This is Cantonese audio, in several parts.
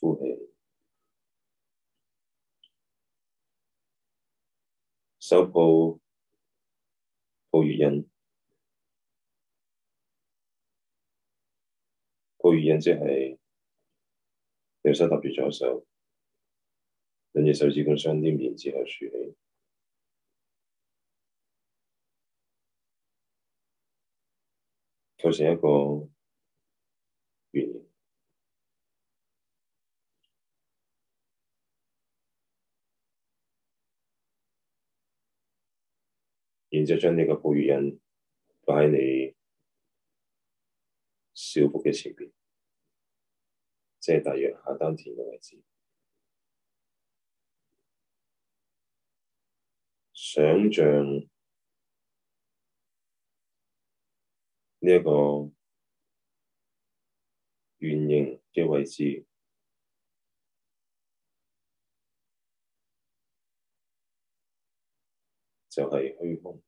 呼氣收，抱抱月印，抱月印即係右手搭住左手，兩隻手指公相啲面之後豎起。構成一個圓形，然之後將呢個背印擺喺你小腹嘅前邊，即係大約下丹田嘅位置，想像。呢一個圓形嘅位置就係虛空，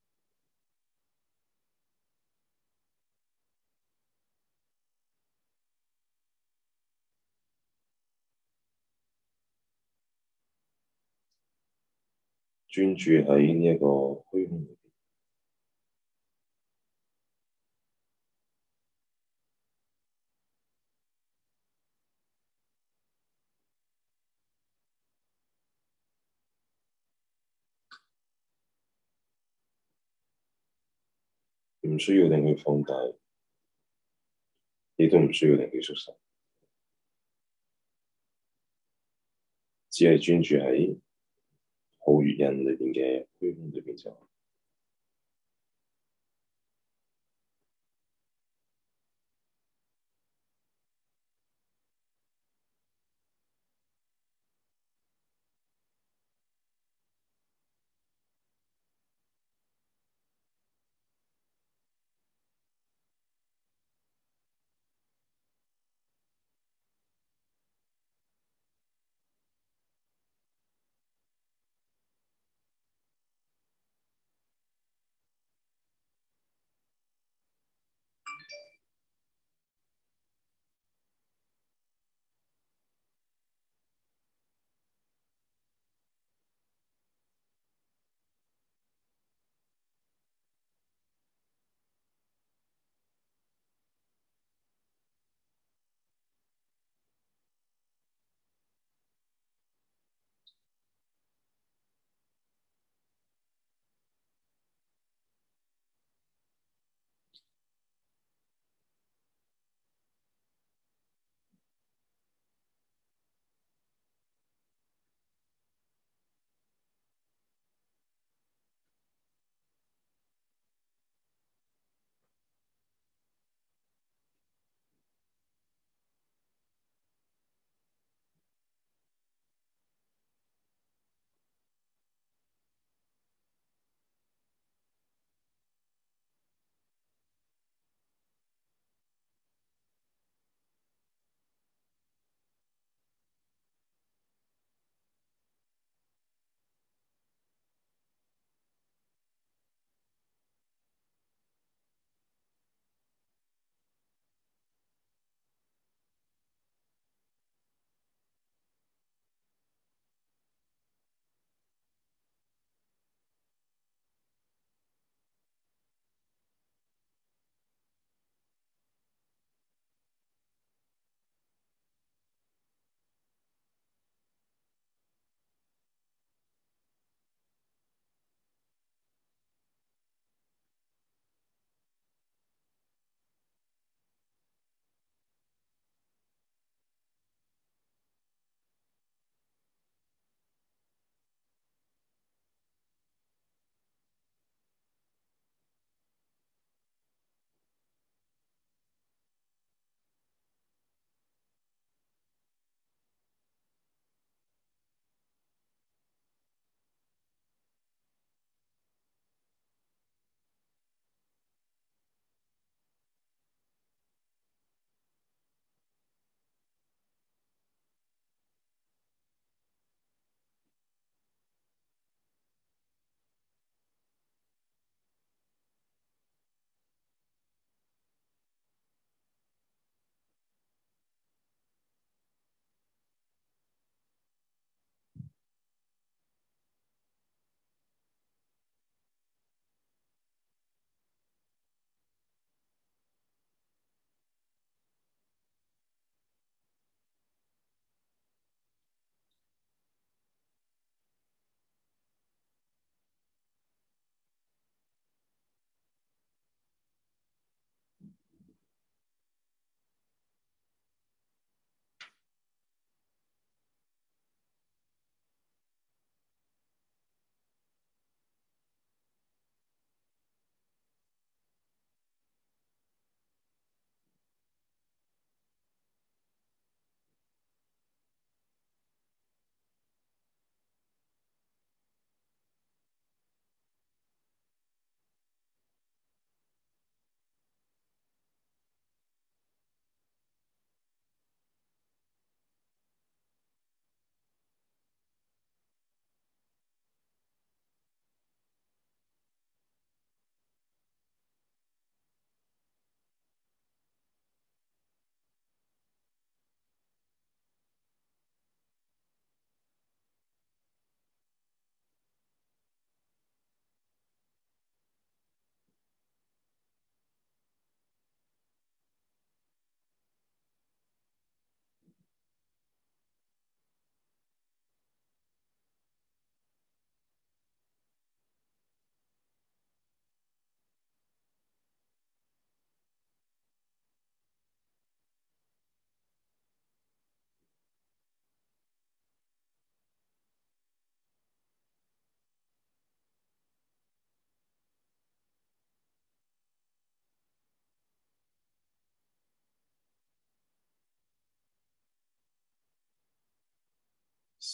專注喺呢一個虛空。唔需要令佢放大，亦都唔需要令佢縮細，只係專注喺好月印裏邊嘅虛空裏邊就。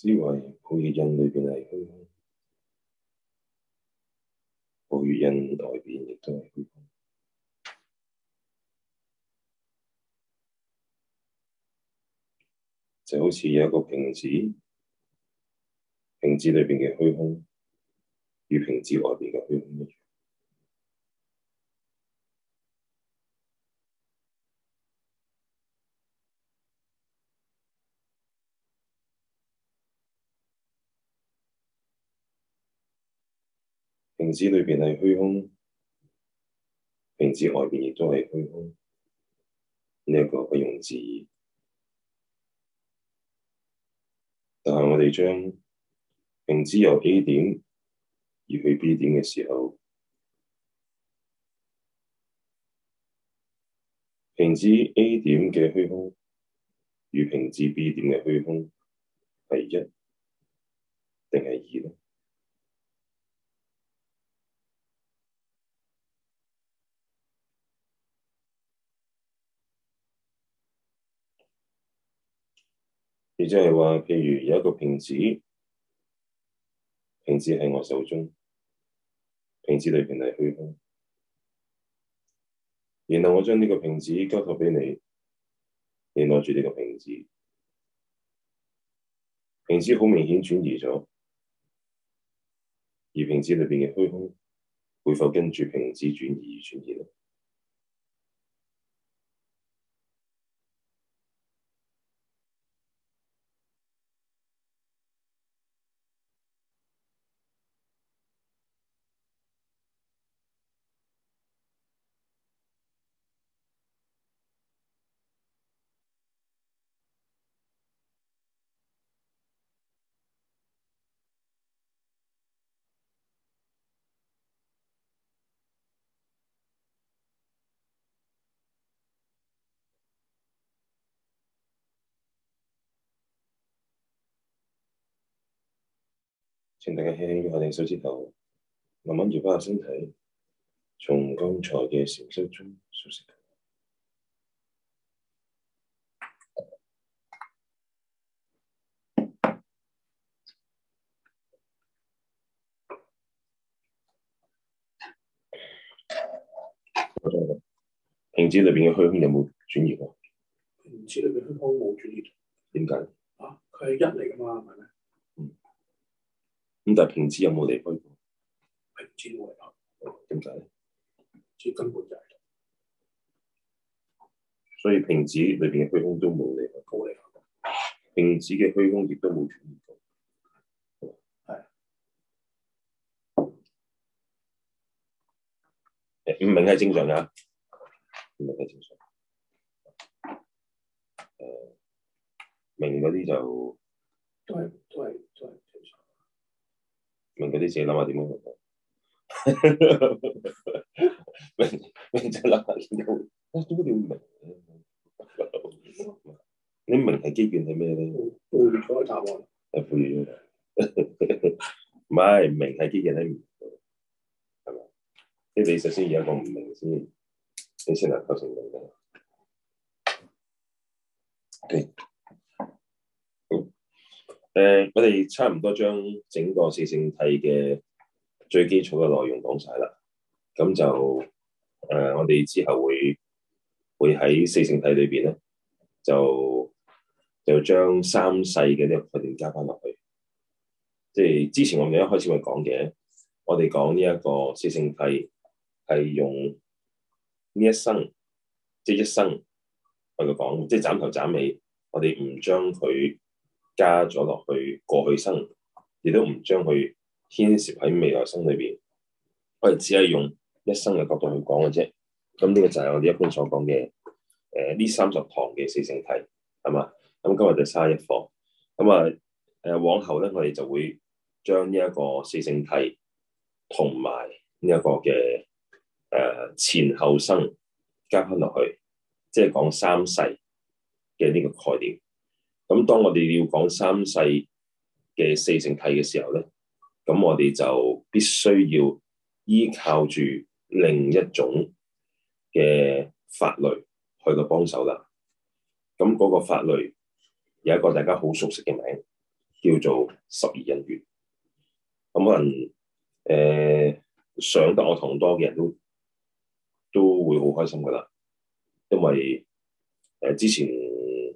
思維、血液印裏邊係虛空，血液印外邊亦都係虛空，就好似有一個瓶子，瓶子裏邊嘅虛空與瓶子外邊嘅虛空。瓶子裏邊係虛空，瓶子外邊亦都係虛空，呢、這、一個不容置疑。但係我哋將瓶子由 A 點移去 B 點嘅時候，瓶子 A 點嘅虛空與瓶子 B 點嘅虛空係一，定係二？亦即係話，譬如有一個瓶子，瓶子喺我手中，瓶子裏面係虛空。然後我將呢個瓶子交託俾你，你攞住呢個瓶子，瓶子好明顯轉移咗，而瓶子裏面嘅虛空會否跟住瓶子轉移而轉移呢？請大家輕輕放下雙手之後，慢慢調翻下身體，從剛才嘅禪修中休息。瓶子裏邊嘅虛空有冇轉移過？瓶子裏邊虛空冇轉移，點解？啊，佢係一嚟噶嘛，係咪？咁但係瓶子有冇離開過？瓶子有離開點解咧？最根本就係，所以瓶子裏邊嘅虛空都冇離開過嚟，過瓶子嘅虛空亦都冇轉移過。係唔、哎、呀明係正常嘅，唔明係正常。明嗰啲就都係，都係，都係。問嗰啲字諗下點樣？明明就諗下點做？啊，做唔明。你明係基件係咩咧？背咗答案。係背咗。唔係明係基件係唔明，係咪？即係你首先有個唔明先，你先能構成明嘅。係。誒、嗯，我哋差唔多將整個四聖諦嘅最基礎嘅內容講晒啦，咁就誒、呃，我哋之後會會喺四聖諦裏邊咧，就就將三世嘅呢個概念加翻落去。即係之前我哋一開始咪講嘅，我哋講呢一個四聖諦係用呢一生，即、就、係、是、一生同佢講，即係斬頭斬尾，我哋唔將佢。加咗落去過去生，亦都唔將佢牽涉喺未來生裏邊，我哋只係用一生嘅角度去講嘅啫。咁呢個就係我哋一般所講嘅，誒呢三十堂嘅四聖諦係嘛。咁今日就卅一課。咁啊誒往後咧，我哋就會將呢一個四聖諦同埋呢一個嘅誒、呃、前後生加翻落去，即係講三世嘅呢個概念。咁當我哋要講三世嘅四聖諦嘅時候咧，咁我哋就必須要依靠住另一種嘅法律去個幫手啦。咁嗰個法律有一個大家好熟悉嘅名，叫做十二因緣。咁可能誒、呃、上得我堂多嘅人都都會好開心噶啦，因為誒、呃、之前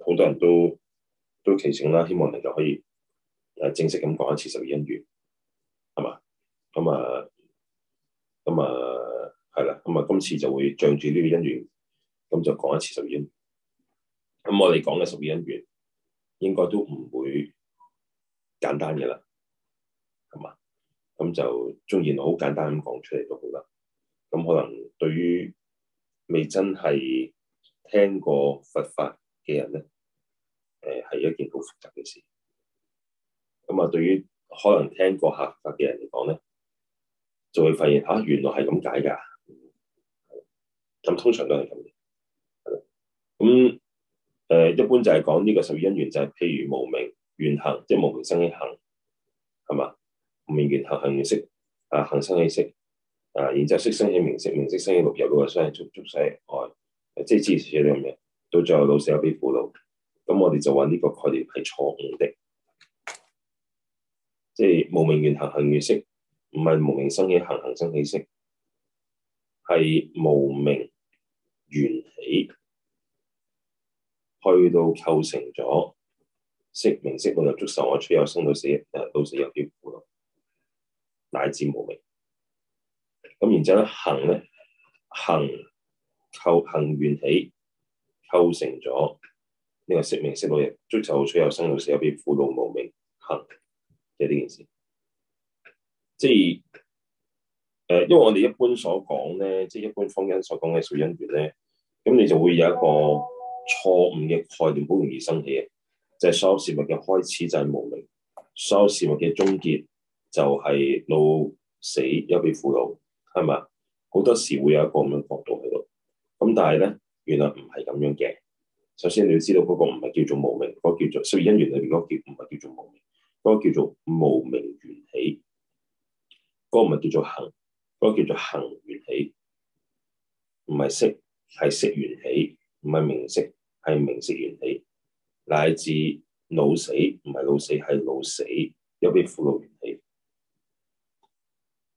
好多人都。都提醒啦，希望你就可以誒正式咁講一次十二因緣，係嘛？咁啊，咁啊，係啦，咁啊，今次就會仗住呢個因緣，咁就講一次十二因緣。咁我哋講嘅十二因緣，應該都唔會簡單嘅啦，係嘛？咁就縱然好簡單咁講出嚟都好啦。咁可能對於未真係聽過佛法嘅人咧。誒，係一件好複雜嘅事。咁啊，對於可能聽過客法嘅人嚟講咧，就會發現吓、啊，原來係咁解噶。咁通常都係咁嘅。咁誒、呃，一般就係講呢個十二因緣，就係、是、譬如無明緣行，即係無明生起行，係嘛？無明緣行，行緣識，啊，行生起識，啊，然之後識，識生起名色，名色生起六入，六入生起觸觸識，愛，即係支持呢樣嘢，到最後老死俾苦惱。老咁我哋就話呢個概念係錯誤的，即係無明緣行行緣識，唔係無明生起行行生起識，係無明緣起，去到構成咗識名識，本就捉受我出有生到死，誒，到死又漂苦咯，乃至無明。咁然之後咧，行咧行構行緣起，構成咗。呢個識、名色、六入、觸、取、有、生老死，憂悲苦惱無明，行，係呢件事。即係誒，因為我哋一般所講咧，即係一般方音所講嘅十二因緣咧，咁你就會有一個錯誤嘅概念，好容易生起嘅，就係、是、所有事物嘅開始就係無明，所有事物嘅終結就係老死有老，憂悲苦惱，係咪？好多時會有一個咁樣角度喺度。咁但係咧，原來唔係咁樣嘅。首先你要知道嗰個唔係叫做無明，嗰、那個叫做十二因緣裏邊嗰個叫唔係叫做無明。嗰、那個叫做無明緣起，嗰、那個唔係叫做行，嗰、那個叫做行緣起，唔係識係識緣起，唔係名色係名色緣起，乃至老死唔係老死係老死有邊苦惱緣起，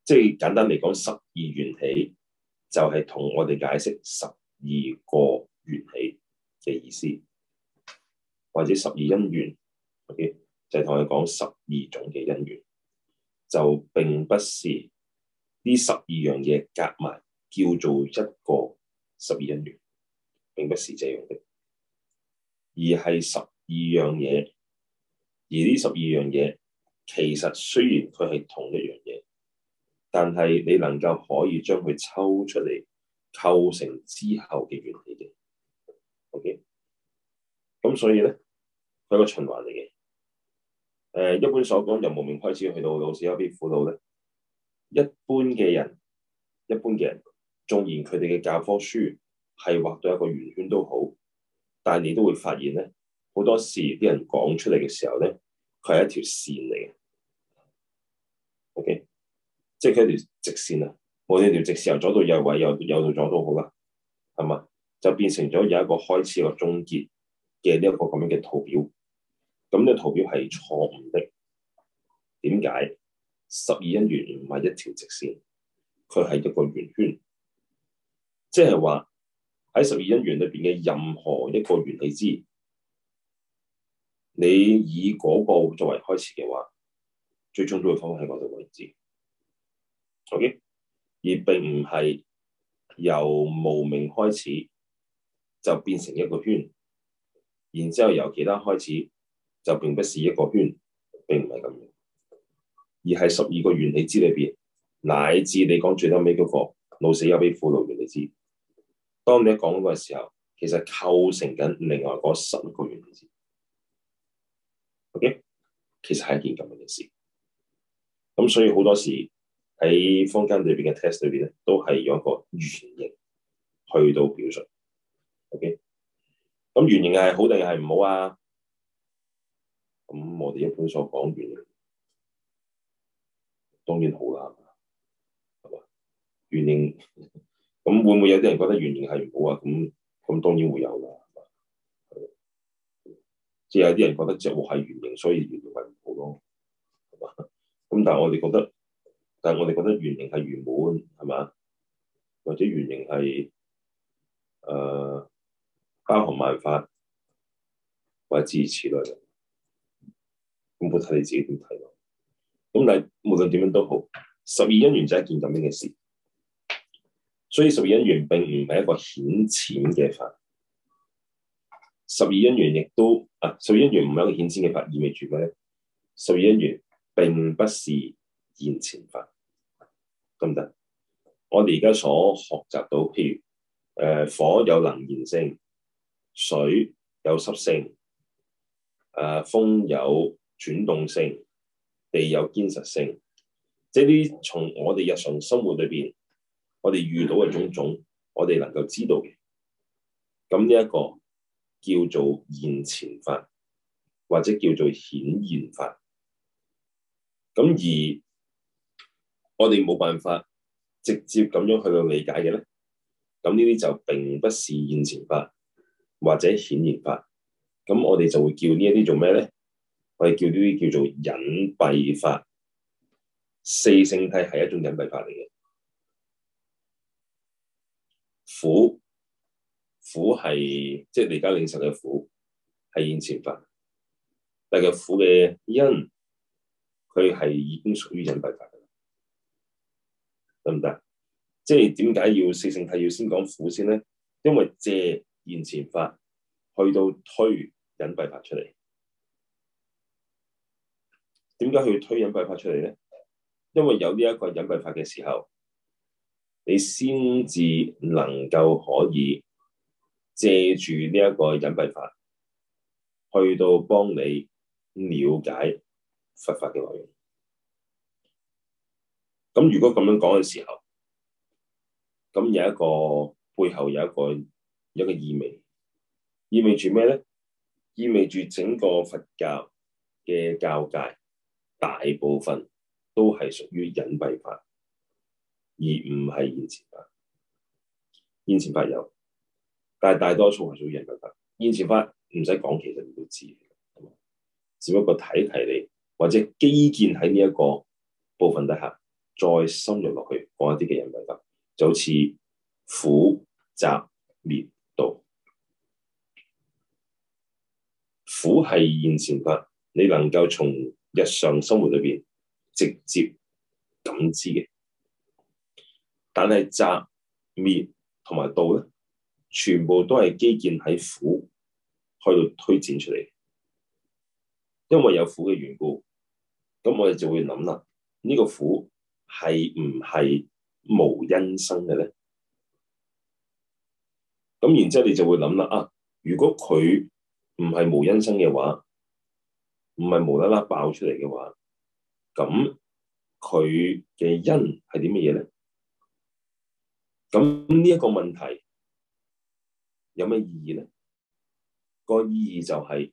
即係簡單嚟講十二緣起就係、是、同我哋解釋十二個緣起嘅意思，或者十二因緣，O.K. 就係同佢講十二種嘅因緣，就並不是呢十二樣嘢夾埋叫做一個十二因緣，並不是這樣的，而係十二樣嘢，而呢十二樣嘢其實雖然佢係同一樣嘢，但係你能夠可以將佢抽出嚟構成之後嘅原理嘅。咁所以咧，佢係個循環嚟嘅。誒、呃，一般所講由無明開始去到老死憂悲苦惱咧，一般嘅人，一般嘅人，縱然佢哋嘅教科書係畫到一個圓圈都好，但係你都會發現咧，好多時啲人講出嚟嘅時候咧，佢係一條線嚟嘅。OK，即係佢一條直線啊，無論條直線由左到右位，由右，右，右到左都好啦，係嘛？就變成咗有一個開始一個終結。嘅呢一個咁樣嘅圖表，咁、這、嘅、個、圖表係錯誤的。點解？十二因緣唔係一條直線，佢係一個圓圈。即係話喺十二因緣裏邊嘅任何一個緣起支。你以嗰個作為開始嘅話，最終都會放喺嗰度位置。O、okay? K，而並唔係由無明開始就變成一個圈。然之後由其他開始，就並不是一個圈，並唔係咁樣，而係十二個原理支裏邊，乃至你講最後尾嗰個老死憂悲苦惱原理支，當你一講嗰個時候，其實構成緊另外嗰十一個原理。O.K.，其實係一件咁樣嘅事。咁所以好多時喺坊間裏邊嘅 test 裏邊咧，都係用一個圓形去到表述。O.K. 咁圓形係好定係唔好啊？咁我哋一般所講圓形當然好啦，係嘛？圓形咁會唔會有啲人覺得圓形係唔好啊？咁咁當然會有啦，係嘛？即係、就是、有啲人覺得隻鑊係圓形，所以圓形係唔好咯，係嘛？咁但係我哋覺得，但係我哋覺得圓形係圓滿，係嘛？或者圓形係誒？呃包含萬法，或者諸如此類咁冇睇，你自己點睇咯。咁但係無論點樣都好，十二因緣就係一件咁樣嘅事，所以十二因緣並唔係一個顯淺嘅法。十二因緣亦都啊，十二因緣唔係一個顯淺嘅法，意味住咩咧？十二因緣並不是現前法，得唔得？我哋而家所學習到，譬如誒、呃、火有能燃性。水有濕性，誒、啊、風有轉動性，地有堅實性，即係啲從我哋日常生活裏邊，我哋遇到嘅種種，我哋能夠知道嘅，咁呢一個叫做現前法，或者叫做顯現法。咁而我哋冇辦法直接咁樣去去理解嘅咧，咁呢啲就並不是現前法。或者顯現法，咁我哋就會叫呢一啲做咩咧？我哋叫呢啲叫做隱蔽法。四聖諦係一種隱蔽法嚟嘅。苦苦係即係你而家領受嘅苦係現前法，但係苦嘅因佢係已經屬於隱蔽法㗎啦，得唔得？即係點解要四聖諦要先講苦先咧？因為借。現前法去到推隱蔽法出嚟，點解去推隱蔽法出嚟咧？因為有呢一個隱蔽法嘅時候，你先至能夠可以借住呢一個隱蔽法，去到幫你了解佛法嘅內容。咁如果咁樣講嘅時候，咁有一個背後有一個。一個意味，意味住咩咧？意味住整個佛教嘅教界，大部分都係屬於隱蔽法，而唔係現前法。現前法有，但係大多數係屬於隱蔽法。現前法唔使講，其實你都知，只不過睇題你或者基建喺呢一個部分底下再深入落去講一啲嘅隱蔽法，就好似苦集滅。道。苦係現前法，你能夠從日常生活裏邊直接感知嘅。但係集、滅同埋道咧，全部都係基建喺苦去到推展出嚟。因為有苦嘅緣故，咁我哋就會諗啦：呢、這個苦係唔係無因生嘅咧？咁然之後，你就會諗啦啊！如果佢唔係無因生嘅話，唔係無啦啦爆出嚟嘅話，咁佢嘅因係點乜嘢咧？咁呢一個問題有咩意義咧？個意義就係，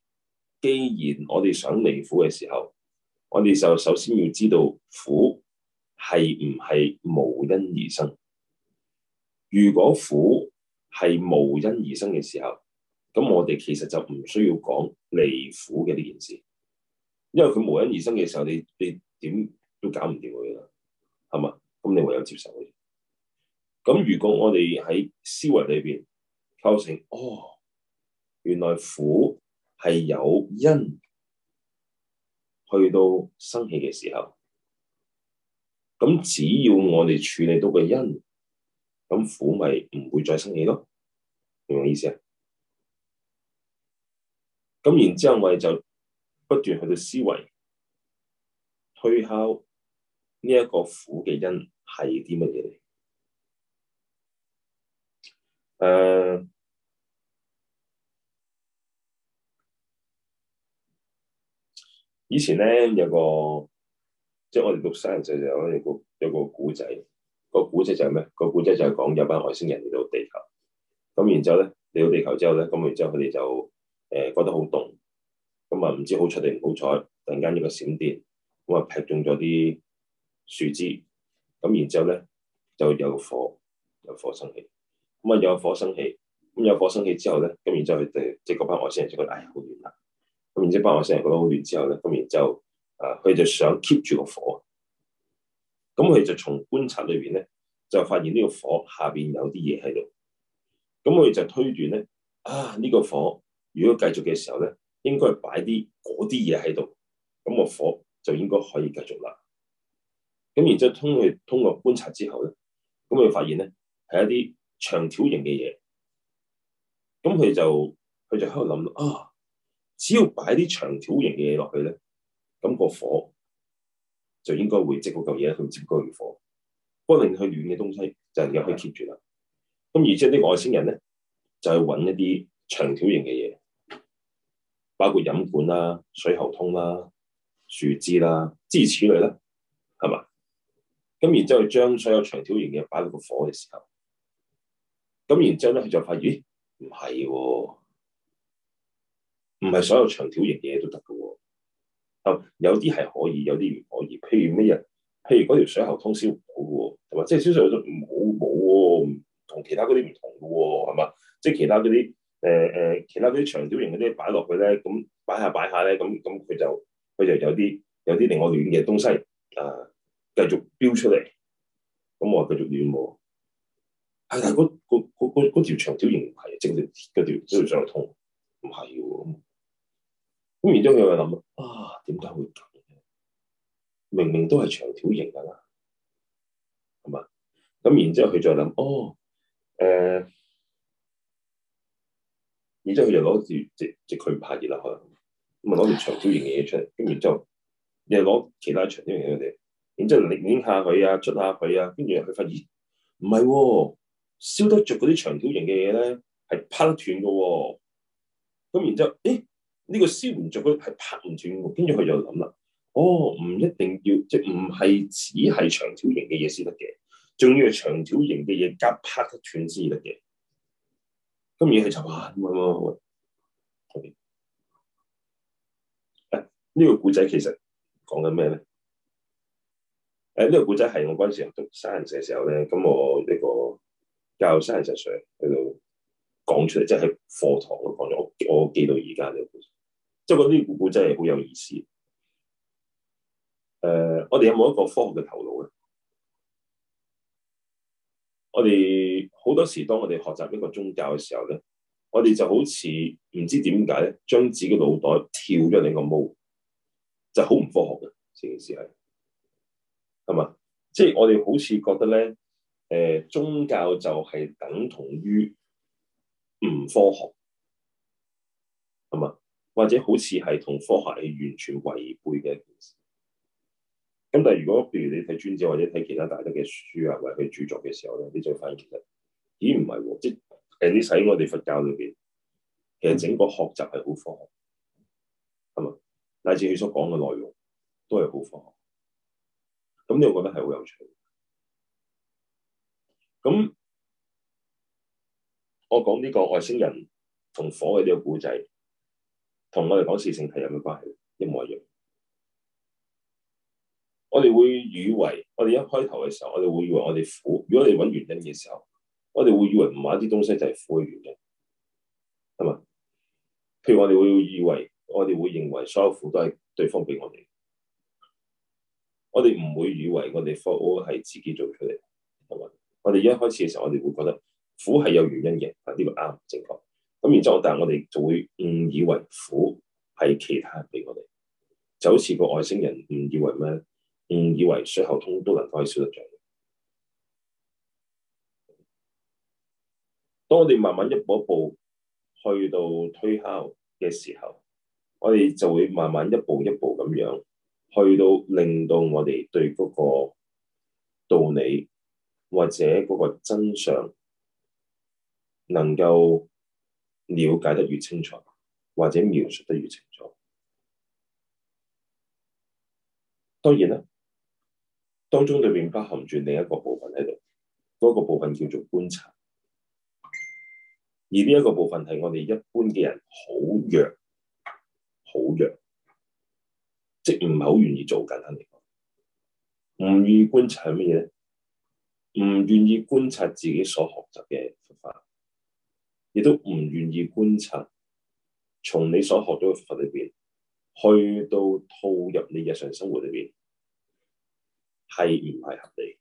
既然我哋想離苦嘅時候，我哋就首先要知道苦係唔係無因而生。如果苦係無因而生嘅時候，咁我哋其實就唔需要講離苦嘅呢件事，因為佢無因而生嘅時候，你你點都搞唔掂佢㗎啦，係嘛？咁你唯有接受佢。咁如果我哋喺思維裏邊構成，哦，原來苦係有因去到生起嘅時候，咁只要我哋處理到個因。咁苦咪唔會再生氣咯，明唔明意思啊？咁然之後，我哋就不斷去到思維推敲呢一個苦嘅因係啲乜嘢嚟？誒、啊，以前咧有個，即係我哋讀生人就有一個有一個古仔。個古仔就係咩？那個古仔就係講有班外星人嚟到地球，咁然之後咧嚟到地球之後咧，咁然之後佢哋就誒、呃、覺得好凍，咁啊唔知好出定唔好彩，突然間一個閃電，咁啊劈中咗啲樹枝，咁然之後咧就有火，有火生氣，咁啊有火生氣，咁有火生氣之後咧，咁然之後佢哋即係嗰班外星人就覺得唉，好熱啦，咁然之後班外星人覺得好熱、哎、之後咧，咁然之後啊佢就想 keep 住個火。咁佢就從觀察裏邊咧，就發現呢個火下邊有啲嘢喺度。咁佢就推斷咧，啊呢個火如果繼續嘅時候咧，應該擺啲嗰啲嘢喺度，咁個火就應該可以繼續啦。咁然之後通去通過觀察之後咧，咁佢發現咧係一啲長條型嘅嘢。咁佢就佢就喺度諗啊，只要擺啲長條型嘅嘢落去咧，咁個火。就應該會積嗰嚿嘢去接嗰嚿火，不過令佢暖嘅東西就又可以 keep 住啦。咁而之後啲外星人咧就去揾一啲長條形嘅嘢，包括飲管啦、啊、水喉通啦、啊、樹枝啦、啊，諸如此類啦、啊，係嘛？咁然之後將所有長條形嘅擺喺個火嘅時候，咁然之後咧佢就發現，咦，唔係喎，唔係所有長條形嘢都得。有啲係可以，有啲唔可以。譬如咩啊？譬如嗰條水喉通宵唔到喎，同埋即係小水喉都冇冇喎，同其他嗰啲唔同嘅喎，係嘛？即係其他嗰啲誒誒，其他啲長條形嗰啲擺落去咧，咁擺下擺下咧，咁咁佢就佢就有啲有啲另外亂嘅東西啊、呃，繼續飆出嚟。咁我話繼續亂喎。啊，但係嗰嗰嗰嗰嗰條長條型係，即係嗰條水喉通唔係喎。咁然之後佢就諗啊，點解會咁嘅？明明都係長條型噶啦，係嘛？咁然之後佢再諗，哦，誒、呃，然之後佢就攞住直直佢拍熱啦，可能咁啊，攞住長條型嘅嘢出嚟，跟住你又攞其他長條型嘅嘢，然之後擰擰下佢啊，捽下佢啊，跟住佢發現唔係喎，燒得着嗰啲長條型嘅嘢咧，係拍得斷噶、哦，咁然之後，誒。呢個燒唔著佢係拍唔斷嘅，跟住佢就諗啦，哦，唔一定要即係唔係只係長條形嘅嘢先得嘅，仲要係長條形嘅嘢夾拍得斷先得嘅。咁而佢就話、是啊：，喂喂好誒，呢、okay. 欸這個故仔其實講緊咩咧？誒、欸，呢、這個故仔係我嗰陣時讀三年級嘅時候咧，咁我呢個教三年級上喺度講出嚟，即係喺課堂度講咗，我我記到而家呢個故事。即係嗰啲古古真係好有意思。誒、呃，我哋有冇一個科學嘅頭腦咧？我哋好多時當我哋學習一個宗教嘅時候咧，我哋就好似唔知點解咧，將自己嘅腦袋跳咗另一個模，就好唔科學嘅。成件事係係嘛？即係、就是、我哋好似覺得咧，誒、呃、宗教就係等同於唔科學，係嘛？或者好似係同科學係完全違背嘅一件事。咁但係如果譬如你睇專著或者睇其他大德嘅書啊，或者佢著作嘅時候咧，你就會發現其實咦唔係喎，即係你喺我哋佛教裏邊，其實整個學習係好科學，係嘛？乃至佢所講嘅內容都係好科學。咁呢個我覺得係好有趣。咁我講呢個外星人同火嘅呢個古仔。同我哋講事情係有咩關係？一模一樣。我哋會以為，我哋一開頭嘅時候，我哋會以為我哋苦。如果你揾原因嘅時候，我哋會以為唔買啲東西就係苦嘅原因，係咪？譬如我哋會以為，我哋會認為所有苦都係對方俾我哋。我哋唔會以為我哋 fall 係自己做出嚟，係咪？我哋一開始嘅時候，我哋會覺得苦係有原因嘅，啊呢個啱正確。咁然之後，但係我哋就會誤以為苦係其他俾我哋，就好似個外星人誤以為咩？誤以為水喉通都能可以燒得著。當我哋慢慢一步一步去到推敲嘅時候，我哋就會慢慢一步一步咁樣去到令到我哋對嗰個道理或者嗰個真相能夠。了解得越清楚，或者描述得越清楚，當然啦，當中裏面包含住另一個部分喺度，嗰、那個部分叫做觀察。而呢一個部分係我哋一般嘅人好弱，好弱，即唔係好願意做，簡單嚟講，唔願意觀察係乜嘢咧？唔願意觀察自己所學習嘅佛法。亦都唔願意觀察，從你所學到嘅佛法裏邊，去到套入你日常生活裏邊，係唔係合理？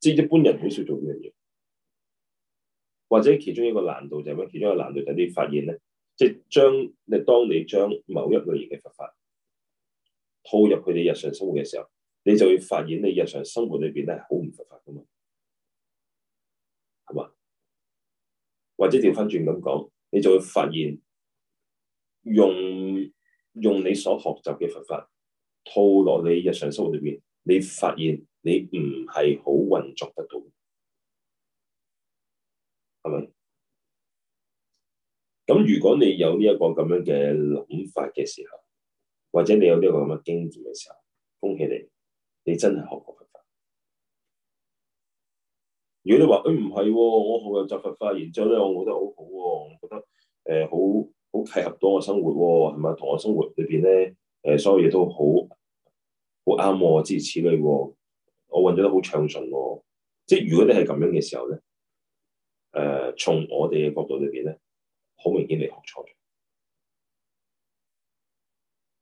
即一般人好少做呢樣嘢，或者其中一個難度就係咩？其中一個難度就係你發現咧，即將你當你將某一類型嘅佛法套入佢哋日常生活嘅時候，你就會發現你日常生活裏邊咧係好唔佛法㗎嘛。或者調翻轉咁講，你就會發現用用你所學習嘅佛法套落你日常生活裏邊，你發現你唔係好運作得到，係咪？咁如果你有呢一個咁樣嘅諗法嘅時候，或者你有呢個咁嘅經驗嘅時候，恭喜你，你真係學過。如果你話誒唔係喎，我學嘅習佛法，然之後咧，我覺得好好、哦、喎，我覺得誒好好契合到我生活喎、哦，係嘛？同我生活裏邊咧誒，所有嘢都好好啱我。諸如此類喎，我運咗得好暢順喎、哦。即係如果你係咁樣嘅時候咧，誒、呃、從我哋嘅角度裏邊咧，好明顯你學錯咗。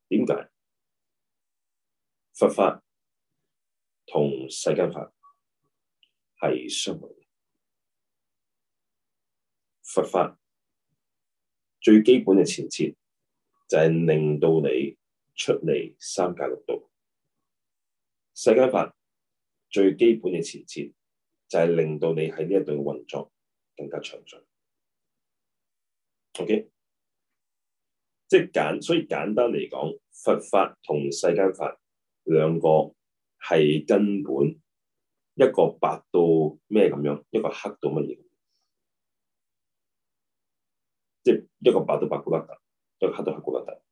點解？佛法同世間法。係相佛法最基本嘅前提就係、是、令到你出離三界六道。世間法最基本嘅前提就係、是、令到你喺呢一度嘅運作更加詳盡。OK，即係簡，所以簡單嚟講，佛法同世間法兩個係根本。一個白到咩咁樣，一個黑到乜嘢咁樣，即係一個白到白骨碌特，一個黑到黑骨碌特，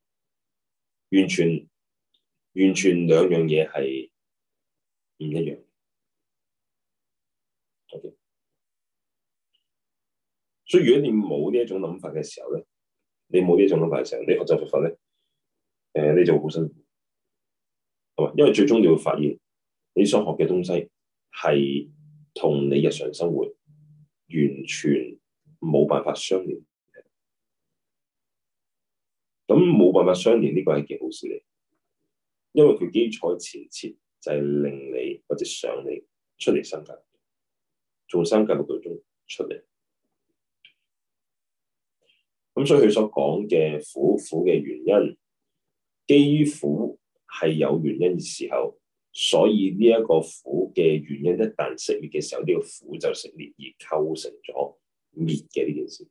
完全完全兩樣嘢係唔一樣。Okay. 所以如果你冇呢一種諗法嘅時候咧，你冇呢一種諗法嘅時候，你學習佛法咧，誒、呃、你就好辛苦，係嘛？因為最終你會發現你所學嘅東西。係同你日常生活完全冇辦法相連嘅，咁冇辦法相連呢個係件好事嚟，因為佢基礎前設就係令你或者上你出嚟生計，做生計過程中出嚟。咁所以佢所講嘅苦苦嘅原因，基於苦係有原因嘅時候。所以呢一個苦嘅原因，一旦熄滅嘅時候，呢、這個苦就熄滅，而構成咗滅嘅呢件事。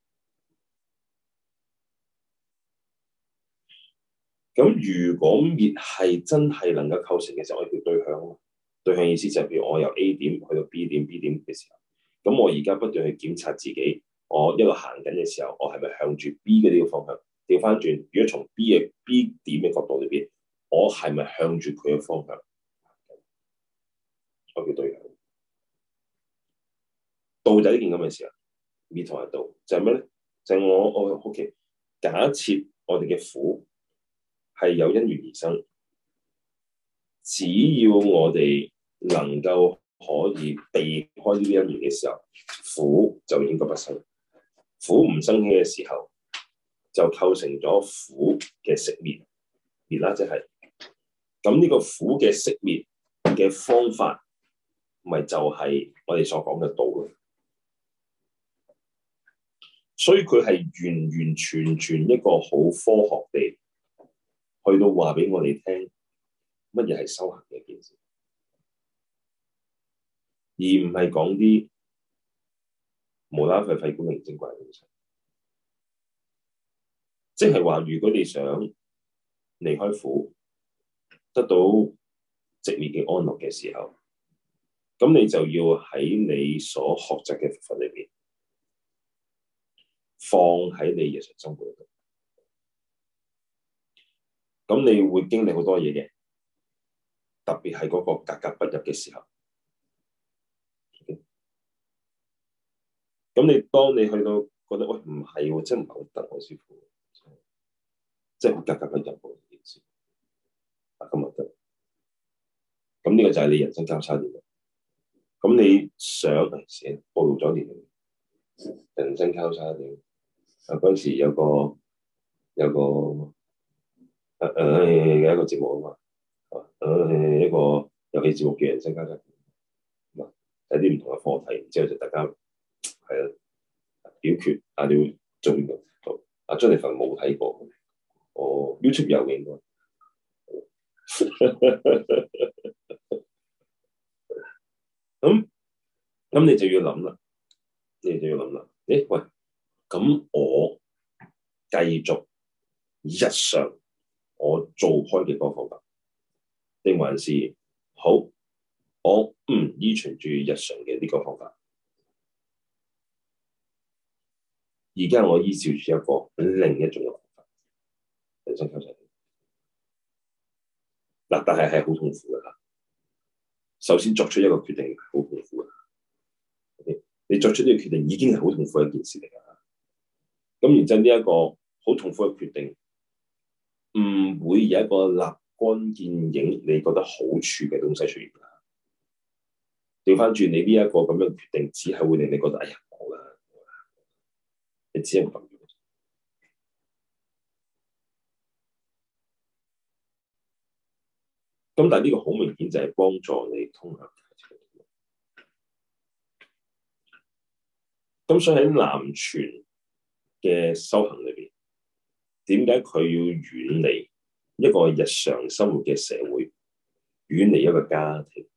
咁如果滅係真係能夠構成嘅時候，我叫對向。啊。對向意思就係，譬如我由 A 點去到 B 點，B 點嘅時候，咁我而家不斷去檢測自己，我一路行緊嘅時候，我係咪向住 B 嘅呢個方向？調翻轉，如果從 B 嘅 B 點嘅角度裏邊，我係咪向住佢嘅方向？我叫隊友，到底道就係呢件咁嘅事啊，m 同人道就係咩咧？就係、是就是、我我好奇，假設我哋嘅苦係有因緣而生，只要我哋能夠可以避開呢啲因緣嘅時候，苦就應該不生。苦唔生起嘅時候，就構成咗苦嘅熄滅滅啦，即係咁呢個苦嘅熄滅嘅方法。咪就係我哋所講嘅道咯，所以佢係完完全全一個好科學地去到話俾我哋聽乜嘢係修行嘅一件事，而唔係講啲無啦啦廢廢官形正怪嘅嘢。即係話，如果你想離開苦，得到直面嘅安樂嘅時候。咁你就要喺你所學習嘅佛法裏邊，放喺你日常生活裏邊。咁你會經歷好多嘢嘅，特別係嗰個格格不入嘅時候。咁你當你去到覺得喂，唔係喎，即係唔係好得我師傅，即係格格不入唔到呢件事，咁又得。咁呢個就係你人生交叉點。咁、嗯、你相唔善暴露咗年齡，人生交叉點啊！嗰陣時有個有個誒誒嘅一個節目啊嘛，誒、呃、一個遊戲節目嘅人生交叉、啊、點，睇啲唔同嘅課題，然之後就大家係啊表決，但、啊、係會做啊。Jennifer 冇睇過，我、喔、YouTube 有影過。啊 咁咁你就要諗啦，你就要諗啦。誒喂，咁我繼續日常我做開嘅嗰個方法，定還是好我唔依存住日常嘅呢個方法？而家我依照住一個另一種嘅方法，重新糾正。嗱，但係係好痛苦噶啦。首先作出一個決定，好痛苦呀，你作出呢個決定已經係好痛苦一件事嚟㗎。咁然之後呢一個好痛苦嘅決定，唔會有一個立竿見影你覺得好處嘅東西出現㗎。調翻轉你呢一個咁樣決定，只係會令你覺得哎呀，冇啦，你只能咁。咁但係呢個好明顯就係幫助你通向大成就。咁所以喺南傳嘅修行裏邊，點解佢要遠離一個日常生活嘅社會，遠離一個家庭？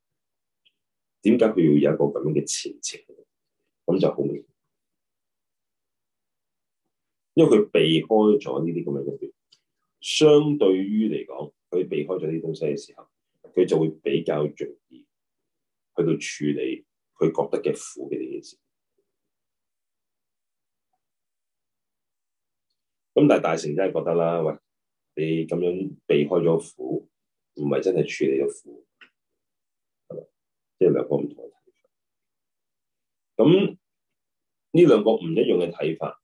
點解佢要有一個咁樣嘅前程？咁就好明顯，因為佢避開咗呢啲咁嘅嘢。相對於嚟講，佢避開咗呢啲東西嘅時候。佢就會比較容易去到處理佢覺得嘅苦嘅呢件事。咁但係大成真係覺得啦，喂，你咁樣避開咗苦，唔係真係處理咗苦，係嘛？即係兩個唔同嘅睇法。咁呢兩個唔一樣嘅睇法，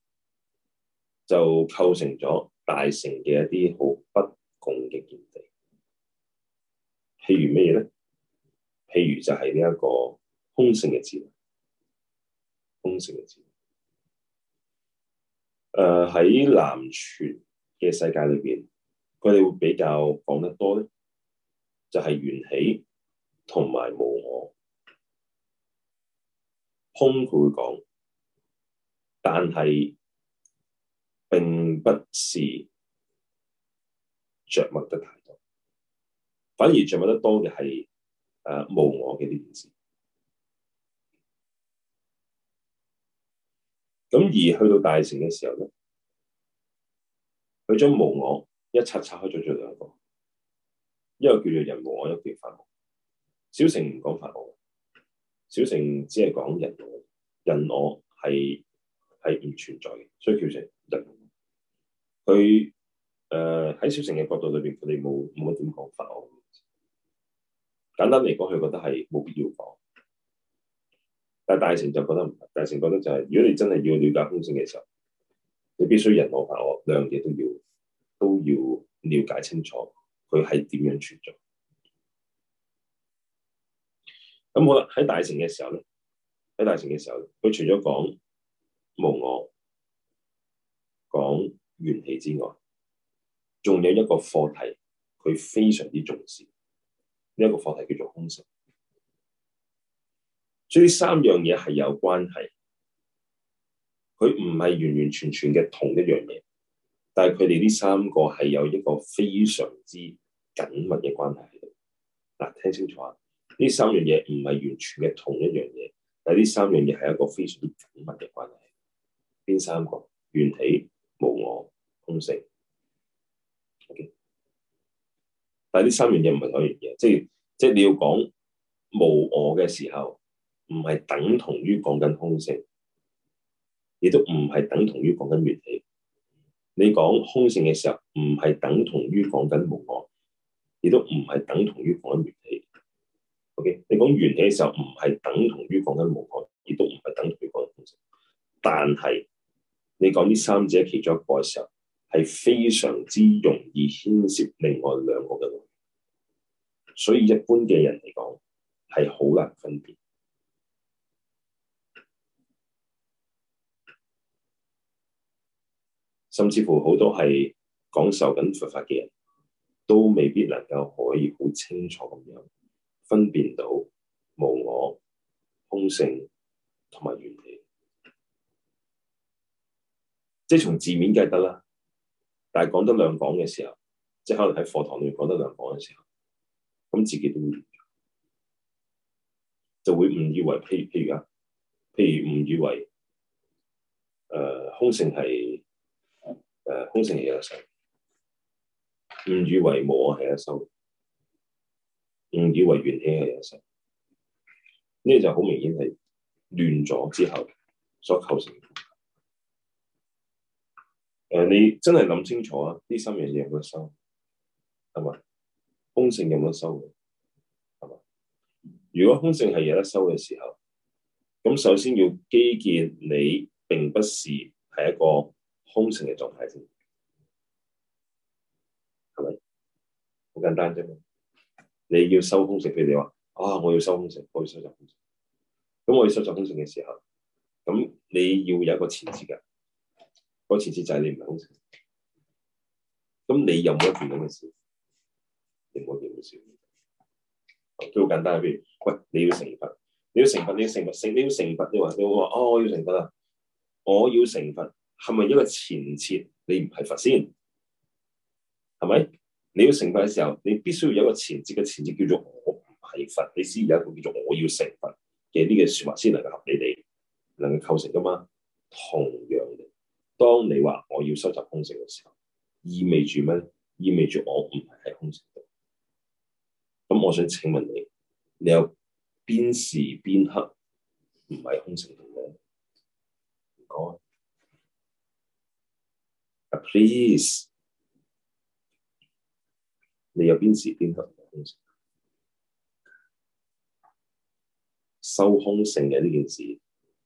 就構成咗大成嘅一啲好不共嘅見地。譬如咩嘢咧？譬如就係呢一個空性嘅字，空性嘅字。誒、呃、喺南傳嘅世界裏邊，佢哋會比較講得多咧，就係、是、緣起同埋無我。空佢會講，但係並不是着墨得睇。反而著墨得多嘅係誒、無我嘅呢件事。咁而去到大乘嘅時候咧，佢將無我一拆，拆開咗做兩個，一個叫做人無我，一個叫法我。小乘唔講法我，小乘只係講人我。人我係、係唔存在嘅，所以叫成人。佢、誒喺小乘嘅角度裏邊，佢哋冇、冇乜點講法我。簡單嚟講，佢覺得係冇必要講。但係大乘就覺得唔係，大乘覺得就係、是、如果你真係要了解空性嘅時候，你必須人我法我，我兩嘢都要都要了解清楚，佢係點樣存在。咁好啦，喺大乘嘅時候咧，喺大乘嘅時候，佢除咗講無我、講緣起之外，仲有一個課題，佢非常之重視。一個課題叫做空性，所以三樣嘢係有關係，佢唔係完完全全嘅同一樣嘢，但係佢哋呢三個係有一個非常之緊密嘅關係喺度。嗱，聽清楚啊，呢三樣嘢唔係完全嘅同一樣嘢，但係呢三樣嘢係一個非常之緊密嘅關係。邊三個？緣起、無我、空性。但係呢三樣嘢唔係一樣嘢，即係即係你要講無我嘅時候，唔係等同於講緊空性，亦都唔係等同於講緊緣起。你講空性嘅時候，唔係等同於講緊無我，亦都唔係等同於講緊緣起。O.K. 你講緣起嘅時候，唔係等同於講緊無我，亦都唔係等同於講緊空性。但係你講呢三者其中一個嘅時候，係非常之容易牽涉另外兩個嘅，所以一般嘅人嚟講係好難分辨，甚至乎好多係講授緊佛法嘅人都未必能夠可以好清楚咁樣分辨到無我空性同埋原理，即係從字面計得啦。但係講得兩講嘅時候，即係可能喺課堂裏講得兩講嘅時候，咁自己都會亂，就會誤以為，譬如譬如啊，譬如誤以為，誒、呃、空性係，誒、呃、空性係一實，誤以為無我係一實，誤以為緣起係一實，呢就好明顯係亂咗之後所構成。誒，你真係諗清楚啊！呢三樣嘢有冇得收？係嘛？空性有冇得收嘅？係嘛？如果空性係有得收嘅時候，咁首先要基建你並不是係一個空性嘅狀態先，係咪？好簡單啫嘛！你要收空性，譬如你話啊，我要收空性，我要收集空性。咁我要收集空性嘅時候，咁你要有一個前置嘅。個前設就係你唔係好，成咁你有冇一段咁嘅事？冇一段嘅事都好簡單，譬如喂，你要成佛，你要成佛，你要成佛，成，你要成佛，你話你話，哦，我要成佛啊！我要成佛，係咪一個前設？你唔係佛先，係咪？你要成佛嘅時候，你必須要有一個前設嘅前設，叫做我唔係佛，你先有一個叫做我要成佛嘅呢個説話，先能夠合理哋，能夠構成噶嘛？同樣當你話我要收集空性嘅時候，意味住咩咧？意味住我唔係喺空性度。咁我想請問你，你有邊時邊刻唔係空性度嘅？唔該啊，Please，你有邊時邊刻唔係空性？收空性嘅呢件事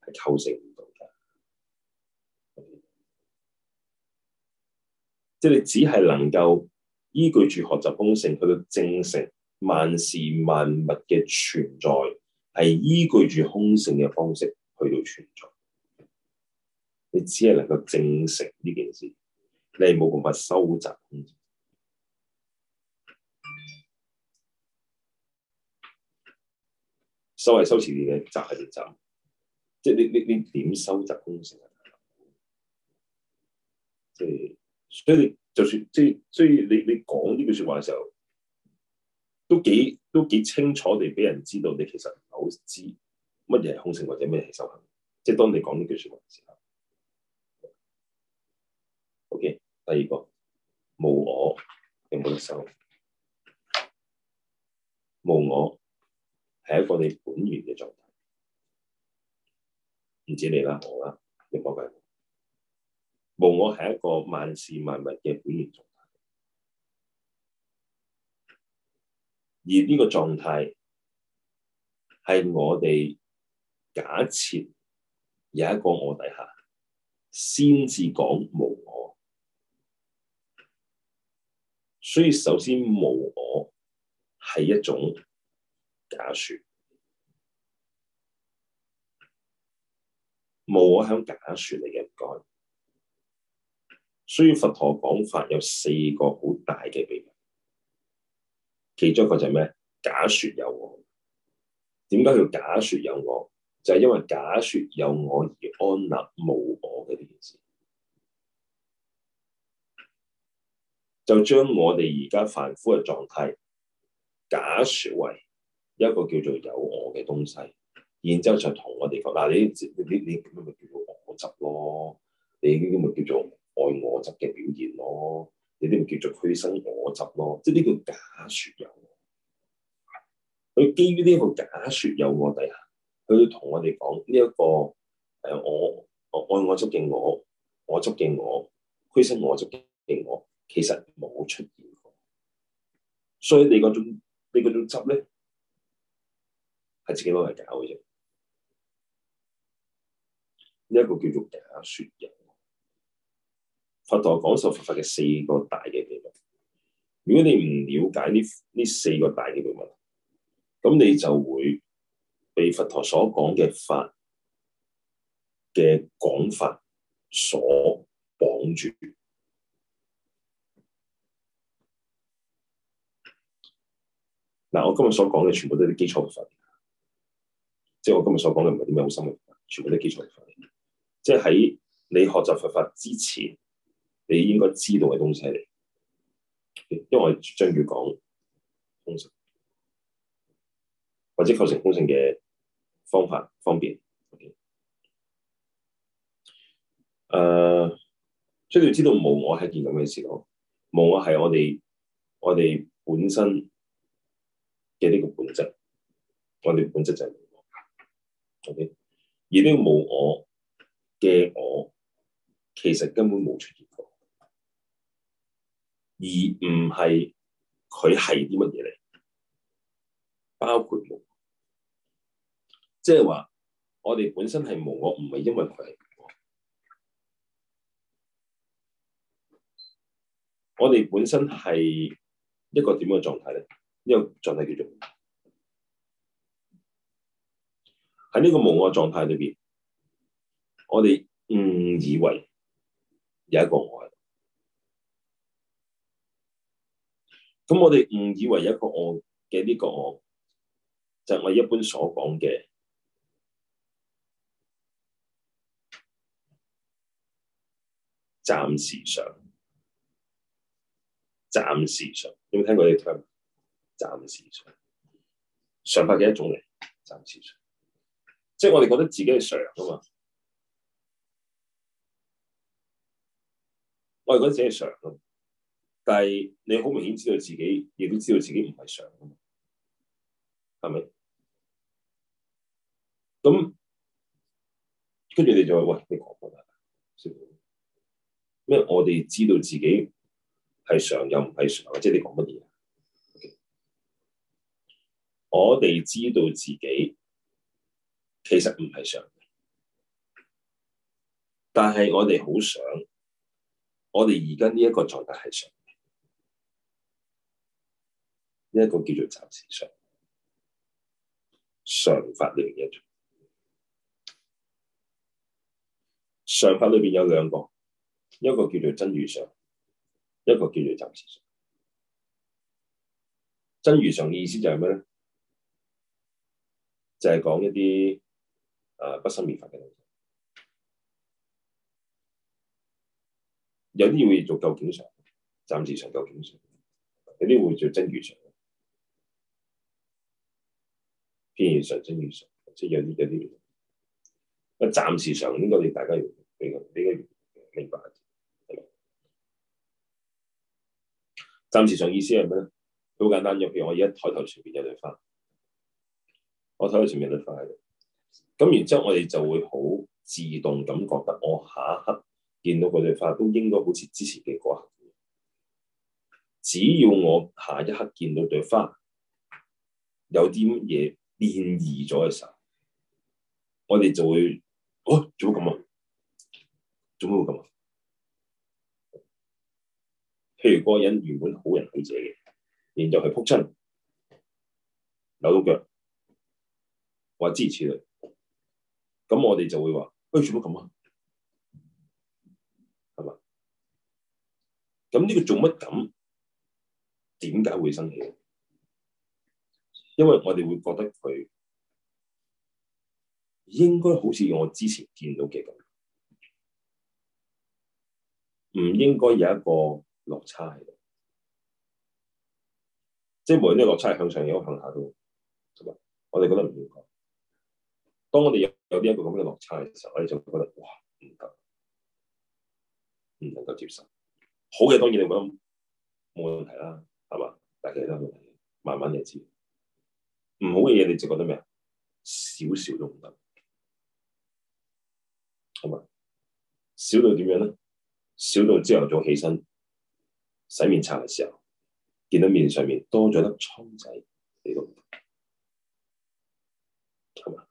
係構成？即係你只係能夠依據住學習空性，去到證成萬事萬物嘅存在係依據住空性嘅方式去到存在。你只係能夠證成呢件事，你係冇辦法收集空性。收係收錢嘅，集係點集？即係你你你點收集空性啊？即係。所以你就算即係，所以你你講呢句説話嘅時候，都幾都幾清楚地俾人知道，你其實唔好知乜嘢係空性或者咩嘢係修行。即係當你講呢句説話嘅時候，OK。第二個無我有冇得收？無我係一個你本源嘅狀態。唔知你啦，我啦，有冇計。無我係一個萬事萬物嘅本然狀態，而呢個狀態係我哋假設有一個我底下先至講無我，所以首先無我係一種假說，無我係假說嚟嘅，唔該。所以佛陀講法有四個好大嘅秘密，其中一個就係咩？假說有我。點解叫假說有我？就係因為假說有我而安立無我嘅呢件事，就將我哋而家凡夫嘅狀態假說為一個叫做有我嘅東西，然之後就同我哋講嗱，你你你咁樣咪叫做我執咯，你呢啲咪叫做我？愛我執嘅表現咯，你呢個叫做俱生我執咯，即係呢個假說有。佢基於呢個假說有我底下，佢要同我哋講呢一個誒，我我愛我執嘅我，我執嘅我，俱生我執嘅我，其實冇出現過。所以你嗰種你嗰種執咧，係自己攞嚟搞嘅啫。呢一個叫做假說有。佛陀講授佛法嘅四個大嘅秘密，如果你唔了解呢呢四個大嘅秘密，咁你就會被佛陀所講嘅法嘅講法所綁住。嗱，我今日所講嘅全部都係啲基礎法，即係我今日所講嘅唔係啲咩好深嘅，全部都係基礎法。即係喺你學習佛法之前。你應該知道嘅東西嚟，因為我將要講空性，或者構成空性嘅方法方便。誒，所以你知道無我係件咁嘅事咯，無我係我哋我哋本身嘅呢個本質，我哋本質就係無我。O.K. 而呢個無我嘅我，其實根本冇出現過。而唔係，佢係啲乜嘢嚟？包括無我、就是、我，即係話我哋本身係無我，唔係因為佢係我。我哋本身係一個點樣嘅狀態咧？呢、呢個狀態叫做喺呢個無我狀態裏邊，我哋誤以為有一個我。咁我哋誤以為一個我嘅呢個，就係我一般所講嘅暫時上。暫時上，有冇聽過呢個？暫時上，常法嘅一種嚟，暫時上，即係我哋覺得自己係常啊嘛，我哋覺得自己係常啊。但係你好明顯知道自己，亦都知道自己唔係常吖嘛，係咪？咁跟住你就話喂，你覺得咩？我哋知道自己係常又唔係常，或者你講乜嘢？我哋知道自己其實唔係常，但係我哋好想，我想，我哋而家呢一個狀態係常。一個叫做暫時常常法另一種常法裏邊有兩個，一個叫做真如常，一個叫做暫時常。真如常嘅意思就係咩咧？就係、是、講一啲誒、呃、不生滅法嘅嘢。有啲會做究竟常，暫時常、究竟常；有啲會做真如常。偏現實，真現實，即係有啲，有啲。咁暫時上應該你大家要比較，比較明白。暫時上意思係咩咧？好簡單，約譬如我而家睇頭前面有朵花，我睇頭前面有朵花喺度。咁然之後我哋就會好自動咁覺得，我下一刻見到嗰朵花都應該好似之前嘅嗰刻。只要我下一刻見到朵花，有啲乜嘢？變異咗嘅時候，我哋就會，喂、哦，做乜咁啊？做乜會咁啊？譬如嗰個人原本好人好者嘅，然後就去撲親，扭到腳，話支持佢，咁我哋就會話，哎，做乜咁啊？得啦，咁呢個做乜咁？點解會生氣？因為我哋會覺得佢應該好似我之前見到嘅咁，唔應該有一個落差喺度，即係無論呢個落差係向上亦都向下都，我哋覺得唔應該。當我哋有有呢、這、一個咁嘅落差嘅時候，我哋就會覺得哇唔得，唔能夠接受。好嘅，當然你覺得冇問題啦，係嘛？但係其他問題，慢慢嚟知。唔好嘅嘢你就覺得咩啊？少少都唔得，係嘛？少到點樣咧？少到朝頭早起身洗面刷嘅時候，見到面上面多咗粒瘡仔，你都唔得，係嘛？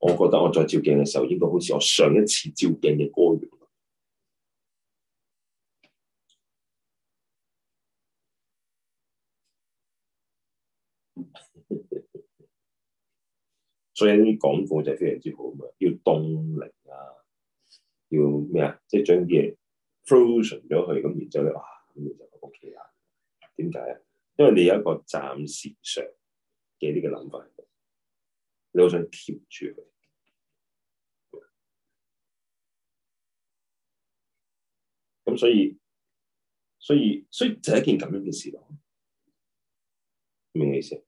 我覺得我再照鏡嘅時候，應該好似我上一次照鏡嘅嗰樣。所以呢啲講法就非常之好啊！要動力啊，要咩啊？即係將啲嘢 fusion 咗佢，咁然之後你話咁你就 OK 啦。點解啊？因為你有一個暫時上嘅呢個諗法，你好想 keep 住佢。咁所以，所以，所以就係一件咁樣嘅事咯。明唔明意思？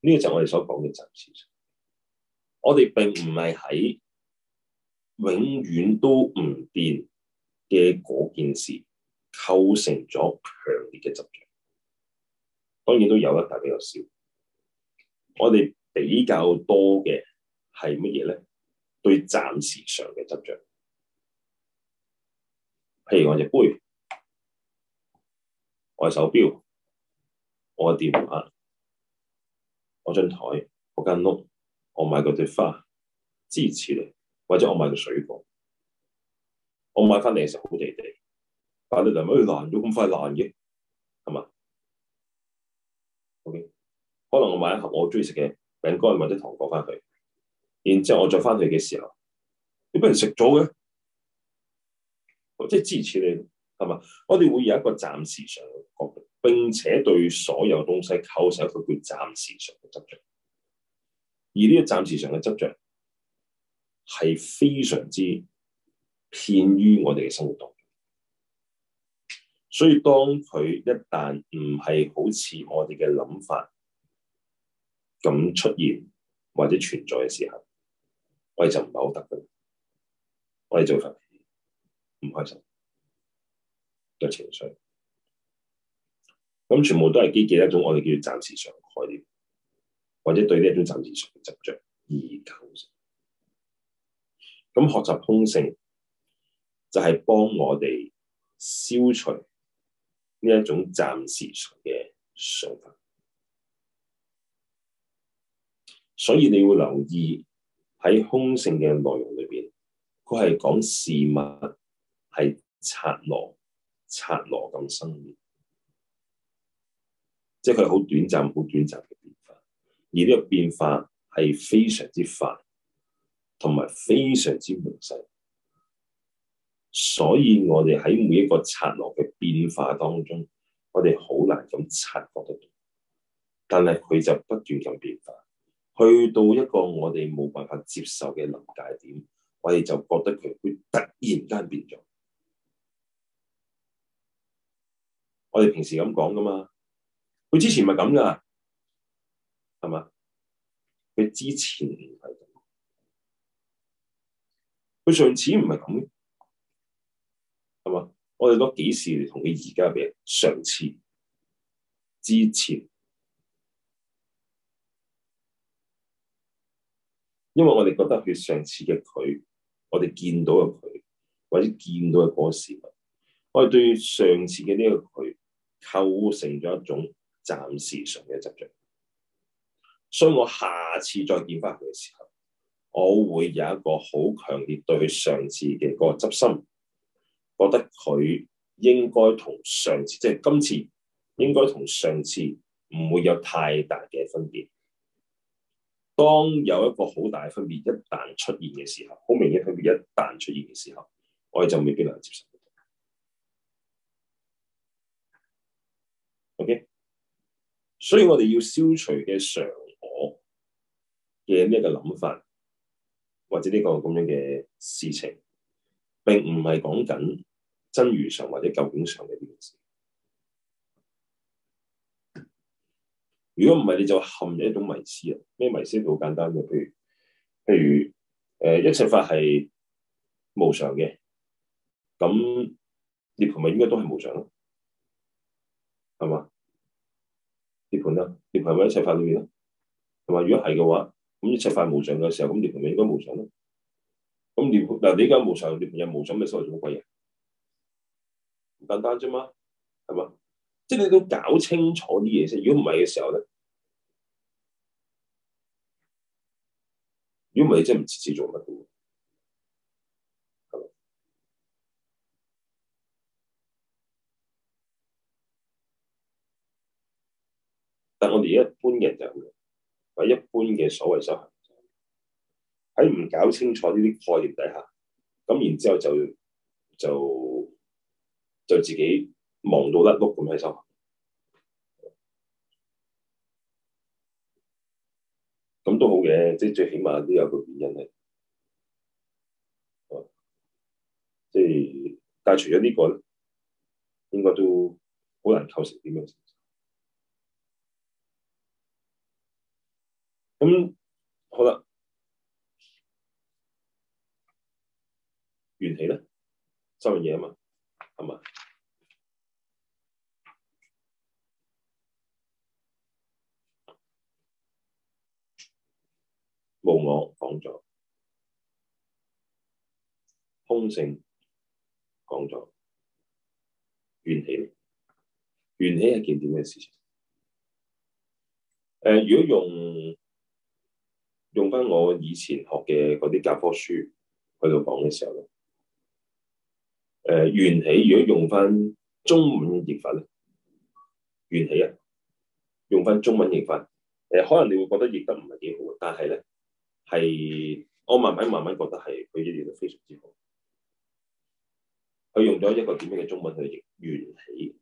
呢個就係我哋所講嘅暫時性。我哋並唔係喺永遠都唔變嘅嗰件事構成咗強烈嘅執着。當然都有一大比較少，我哋比較多嘅係乜嘢咧？對暫時上嘅執着，譬如我隻杯，我隻手錶，我隻電話。我張台，我間屋，我買嗰朵花支持你，或者我買個水果，我買翻嚟嘅時候好地地，但係你就唔好爛咗咁快爛嘅，係、欸、嘛？OK，可能我買一盒我中意食嘅餅乾或者糖果翻去，然之後我再翻去嘅時候，你俾人食咗嘅，即係支持你。係嘛？我哋會有一個暫時上嘅角度，並且對所有東西構成一個叫暫時上嘅執着。而呢個暫時上嘅執着係非常之偏於我哋嘅生活當中。所以當佢一旦唔係好似我哋嘅諗法咁出現或者存在嘅時候，我哋就唔係好得㗎。我哋做嘅唔開心，嘅情緒，咁全部都係基建一種我哋叫做暫時上概念，或者對呢一種暫時上執着而構成。咁學習空性就係幫我哋消除呢一種暫時上嘅想法。所以你要留意喺空性嘅內容裏邊，佢係講事物係赤裸剎那咁生，即係佢好短暫、好短暫嘅變化，而呢個變化係非常之快，同埋非常之微細。所以我哋喺每一個剎那嘅變化當中，我哋好難咁察覺得到，但係佢就不斷咁變化，去到一個我哋冇辦法接受嘅臨界點，我哋就覺得佢會突然間變咗。我哋平時咁講噶嘛？佢之前咪咁噶，係嘛？佢之前係咁，佢上次唔係咁，係嘛？我哋攞幾時嚟，同佢而家嘅上次之前，因為我哋覺得佢上次嘅佢，我哋見到嘅佢，或者見到嘅嗰個時我哋對上次嘅呢個佢構成咗一種暫時上嘅執着，所以我下次再見返佢嘅時候，我會有一個好強烈對佢上次嘅嗰個執心，覺得佢應該同上次即係、就是、今次應該同上次唔會有太大嘅分別。當有一個好大嘅分別一旦出現嘅時候，好明顯分別一旦出現嘅時候，我哋就未必能接受。OK，所以我哋要消除嘅常我嘅咩嘅個諗法，或者呢、這個咁樣嘅事情，並唔係講緊真如常或者究竟常嘅呢件事。如果唔係，你就陷入一種迷思啊！咩迷思？好簡單嘅，譬如譬如誒、呃，一切法係無常嘅，咁涅槃應該都係無常咯。係嘛？碟盤啊，碟盤咪一切法裏面咯，係嘛？如果係嘅話，咁一切法無常嘅時候，咁碟盤咪應該無常咯。咁碟盤嗱，你依家無常，碟盤又無常，咩所謂做乜鬼嘢？唔簡單啫嘛，係嘛？即係你都搞清楚啲嘢先。如果唔係嘅時候咧，如果唔係，真係唔知自做乜但我哋一般嘅人就咁嘅，喺一般嘅所謂修行者，喺唔搞清楚呢啲概念底下，咁然之後就就就自己忙到甩碌咁喺修行。咁都好嘅，即最起碼都有個原因嚟，即係、就係、但係除咗呢個，應該都好難構成點樣。咁好啦，緣起咧，三樣嘢啊嘛，係嘛？無我講咗，空性講咗，緣起，緣起係件點嘅事情？誒，如果用。用翻我以前學嘅嗰啲教科書去到講嘅時候咧，誒、呃、緣起，如果用翻中文譯法咧，緣起啊，用翻中文譯法，誒、呃、可能你會覺得譯得唔係幾好，但係咧係我慢慢慢慢覺得係佢啲譯得非常之好，佢用咗一個點樣嘅中文去譯緣起？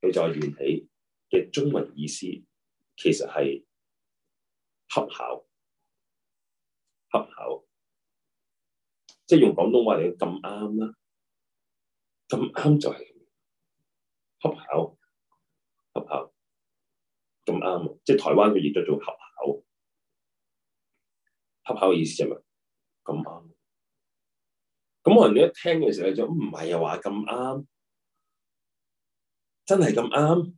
佢就係緣起嘅中文意思其實係恰巧。合口，即係用廣東話嚟講咁啱啦，咁啱就係合口，合口咁啱。即係台灣佢亦都做合口，合口嘅意思就係咁啱。咁我人哋一聽嘅時候就唔係啊，話咁啱，真係咁啱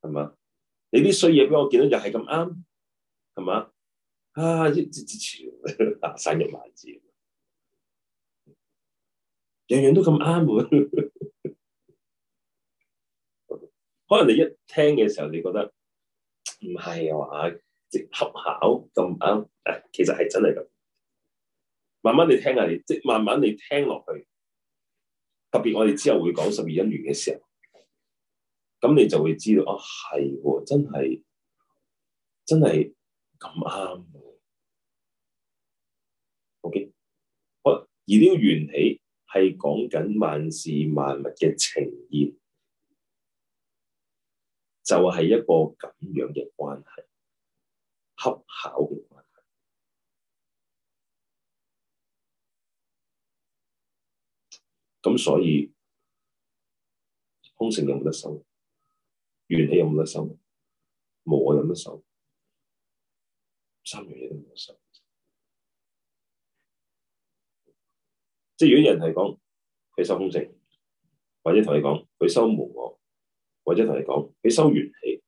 係嘛？你啲衰嘢俾我見到就係咁啱係嘛？啊！一字字潮，生肉麻字，樣樣都咁啱喎。可能你一聽嘅時候，你覺得唔係嘅話，即係合巧咁啱。誒，其實係真係咁。慢慢你聽下，你即慢慢你聽落去。特別我哋之後會講十二因緣嘅時候，咁你就會知道，哦係喎，真係真係咁啱。而呢個緣起係講緊萬事萬物嘅呈現，就係、是、一個咁樣嘅關係，恰巧嘅關係。咁所以空性有冇得收？緣起有冇得收？無我有冇得收？三樣嘢都冇得收？即係如果人係講佢修空性，或者同你講佢修無我，或者同你講佢修元氣，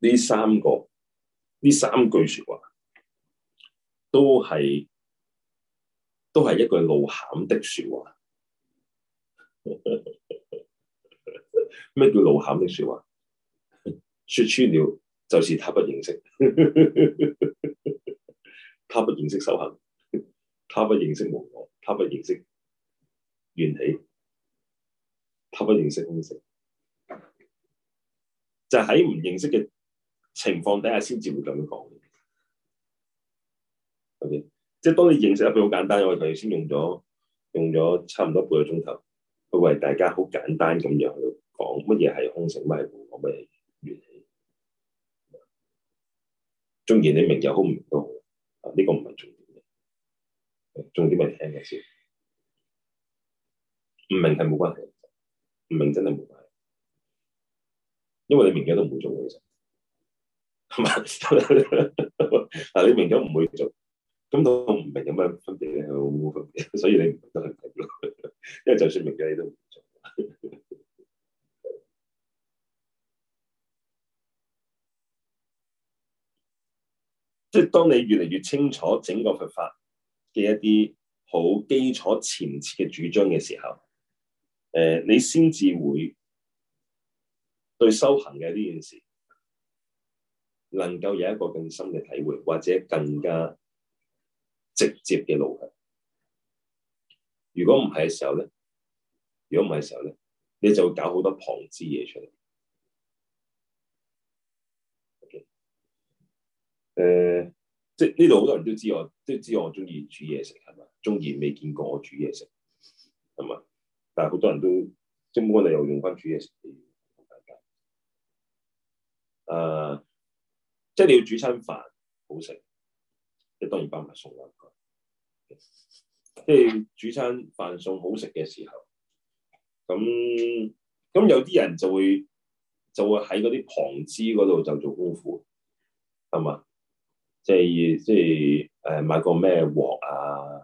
呢三個呢三句説話都係都係一句露餡的説話。咩 叫露餡的説話？説穿了就是他不認識， 他不認識修行。他不認識無我，他不認識緣起，他不認識空性。就喺、是、唔認識嘅情況底下先至會咁樣講。O.K.，即係當你認識得佢好簡單，我哋頭先用咗用咗差唔多半個鐘頭，為大家好簡單咁樣去講乜嘢係空性，乜係無我，乜嘢緣起。中意你明又好，唔明都好，啊呢、這個唔係重點係聽嘅先係，唔明係冇關係，唔明真係冇關係，因為你明咗都唔會做嘅。其實係你明咗唔會做，咁都唔明有咩分別咧？冇分別，所以你唔得係睇咯，因為就算明嘅你都唔會做。 即係當你越嚟越清楚整個佛法。嘅一啲好基礎前設嘅主張嘅時候，誒、呃、你先至會對修行嘅呢件事能夠有一個更深嘅體會，或者更加直接嘅路向。如果唔係嘅時候咧，如果唔係嘅時候咧，你就會搞好多旁枝嘢出嚟。誒、okay. 呃。即係呢度好多人都知我，都知我中意煮嘢食係嘛？中意未見過我煮嘢食係嘛？但係好多人都即係冇可能又用翻煮嘢食嚟，誒，即係你要煮餐飯好食，即係當然包埋餸啦，即係煮餐飯餸好食嘅時候，咁咁有啲人就會就會喺嗰啲旁枝嗰度就做功夫係嘛。即係即係誒、呃、買個咩鑊啊？誒、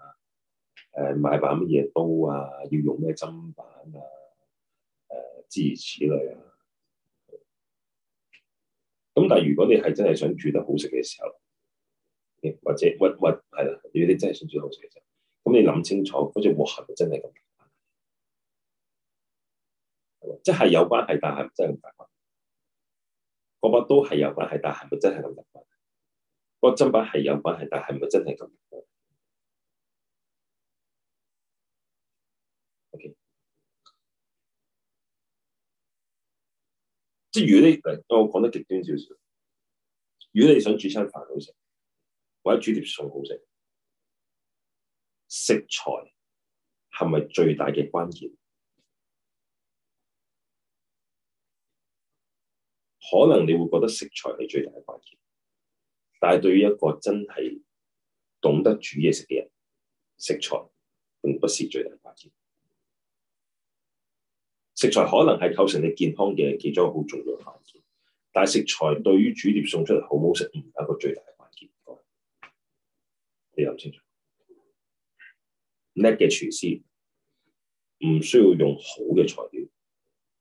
呃、買把乜嘢刀啊？要用咩砧板啊？誒諸如此類啊。咁但係如果你係真係想煮得好食嘅時候，或者或者或係啦，如果你真係想煮好食嘅時候，咁你諗清楚，嗰隻鑊係咪真係咁大，即係、就是、有關係，但係真係咁大。個把刀係有關係，但係咪真係咁大。個砧板係有關係，但係唔係真係咁。OK，即係如果你嚟，我講得極端少少。如果你想煮餐飯好食，或者煮碟餸好食，食材係咪最大嘅關鍵？可能你會覺得食材係最大嘅關鍵。但係對於一個真係懂得煮嘢食嘅人，食材並不是最大嘅關鍵。食材可能係構成你健康嘅其中一個好重要嘅環節，但係食材對於煮碟送出嚟好唔好食，唔係一個最大嘅關鍵。你諗清楚？叻嘅廚師唔需要用好嘅材料，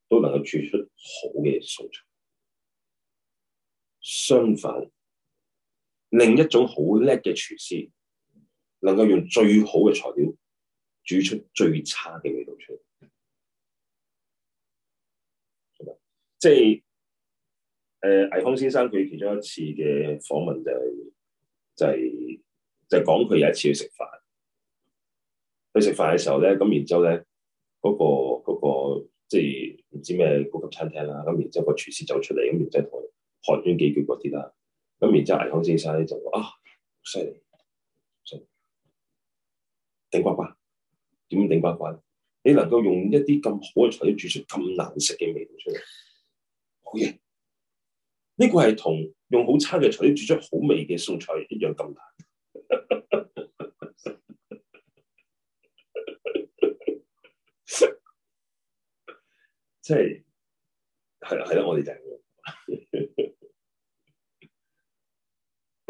都能夠煮出好嘅素菜。相反。另一種好叻嘅廚師，能夠用最好嘅材料煮出最差嘅味道出嚟。嗯、即係誒魏康先生佢其中一次嘅訪問就係、係、就係、係、就係、講佢有一次去食飯，去食飯嘅時候咧，咁然之後咧嗰、嗰個即係唔知咩高級餐廳啦，咁然之後個廚師走出嚟，咁然之後寒寒暄幾句嗰啲啦。咁然之後，康先生呢就啊，犀利，犀利，頂呱呱，點樣頂呱呱？你能夠用一啲咁好嘅材料煮出咁難食嘅味道出嚟，好嘢。呢、這個係同用好差嘅材料煮出好味嘅素菜一樣咁難，即係係啦，係啦，我哋就係、是。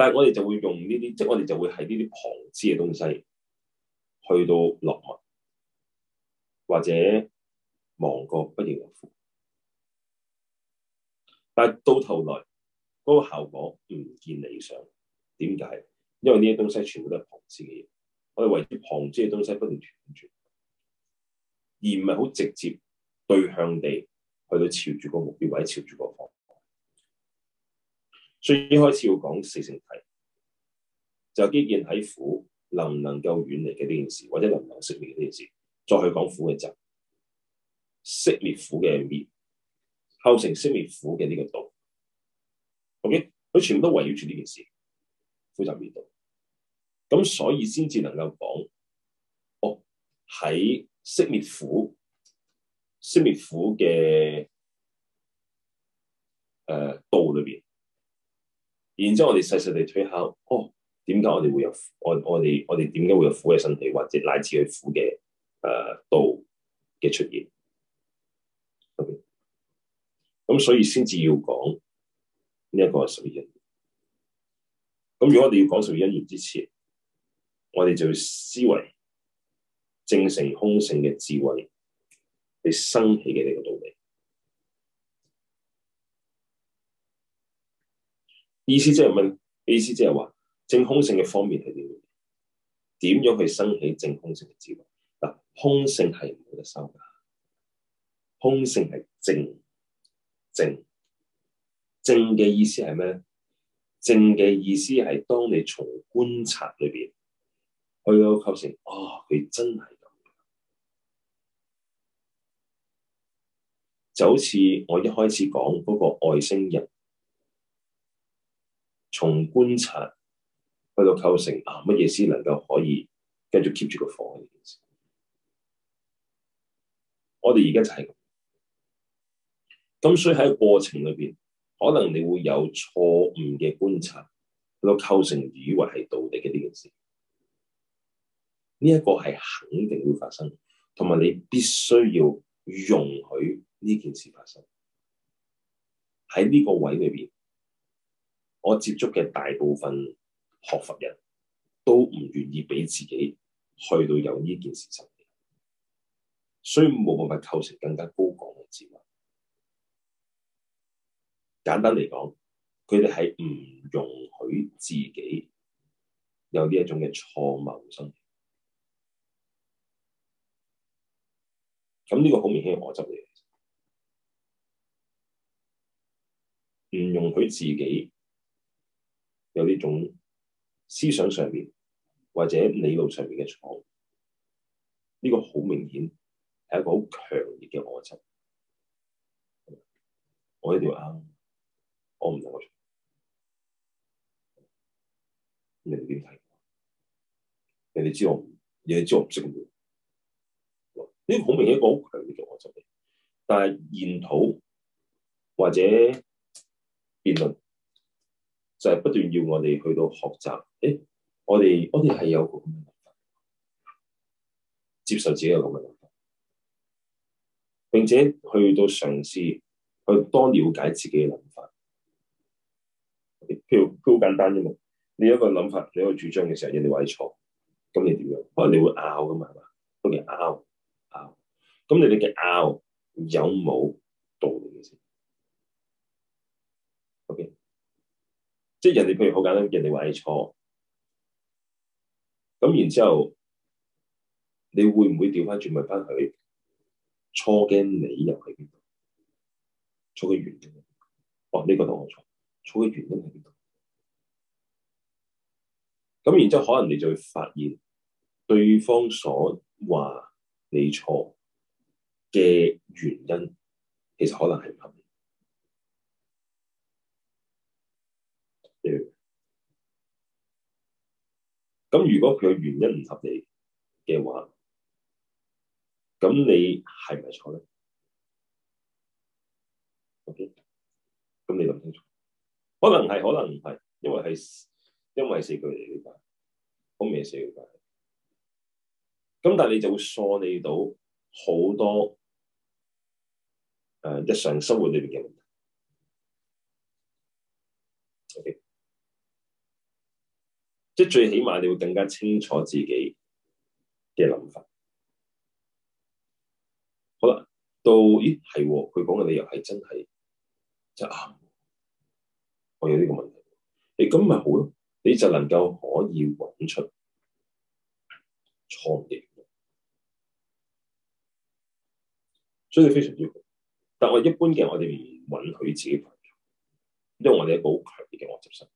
但係我哋就會用呢啲，即、就、係、是、我哋就會係呢啲旁支嘅東西去到落物，或者望個不斷嘅庫。但係到頭來嗰、那個效果唔見理想，點解？因為呢啲東西全部都係旁支嘅嘢，我哋為住旁支嘅東西不斷存存，而唔係好直接對向地去到朝住個目標或者朝住個方向。最開始要講四聖諦，就基建喺苦能唔能夠遠離嘅呢件事，或者能唔能夠熄滅嘅呢件事，再去講苦嘅集，熄滅苦嘅滅，構成熄滅苦嘅呢個道。O K，佢全部都圍繞住呢件事，苦集滅道。咁所以先至能夠講，哦喺熄滅苦、熄滅苦嘅誒道裏邊。然之後我哋細細地推敲，哦，點解我哋會有我我哋我哋點解會有苦嘅身體，或者乃至去苦嘅誒道嘅出現，咁、okay。所以先至要講呢一、這個係十二因緣。咁如果我哋要講十二因緣之前，我哋就要思維證空性嘅智慧，你生起嘅呢個道理。意思即係問，意思即係話，證空性嘅方便係點？點樣去生起證空性嘅智慧？嗱、嗯，空性係唔會得收噶，空性係正，正正嘅意思係咩咧？正嘅意思係當你從觀察裏邊去到構成，哦，佢真係咁，就好似我一開始講嗰、那個外星人。從觀察去到構成啊，乜嘢先能夠可以繼續 keep 住個火呢件事？我哋而家就係咁，咁所以喺過程裏邊，可能你會有錯誤嘅觀察，去到構成以為係到底嘅呢件事，呢一個係肯定會發生，同埋你必須要容許呢件事發生喺呢個位裏邊。我接觸嘅大部分學佛人都唔願意俾自己去到有呢件事實，所以冇辦法構成更加高廣嘅智慧。簡單嚟講，佢哋係唔容許自己有呢一種嘅錯謬心。咁呢個好明顯，我執嚟嘅，唔容許自己。有呢種思想上面或者理論上面嘅錯誤，呢、這個好明顯係一個好強烈嘅講出。我一定要啱，我唔認。你哋點睇？你哋知我，唔，你哋知我唔識嘅。呢、這個好明顯一個好強烈嘅講出。但係研討或者辯論。就係不斷要我哋去到學習，誒，我哋我哋係有個咁嘅諗法，接受自己嘅咁嘅諗法，並且去到嘗試去多了解自己嘅諗法。譬如好簡單啫嘛，你有一個諗法，你一個主張嘅時候，人哋話你錯，咁你點樣？可能你會拗嘛，係嘛，中意拗拗。咁你哋嘅拗有冇道理嘅先？即係人哋譬如好簡單，人哋話你錯，咁然之後你會唔會調翻轉問翻佢錯嘅理由係邊度？錯嘅原因？哦，呢個同我錯，錯嘅原因喺邊度？咁然之後可能你就會發現對方所話你錯嘅原因，其實可能係唔咁如果佢嘅原因唔合理嘅話，咁你係唔係錯咧？OK，咁你諗清楚，可能係，可能唔係，因為係因為四句嚟嘅關係，好明顯四句關係。咁但係你就會梳理到好多誒日、呃、常生活裏邊嘅問題。即係最起碼你會更加清楚自己嘅諗法，好啦，到咦係佢講嘅理由係真係就啱，是啊，我有呢個問題，誒咁咪好咯，你就能夠可以揾出錯點，所以非常之好。但我一般嘅我哋唔允許自己犯，因為我哋一個好強烈嘅我執身。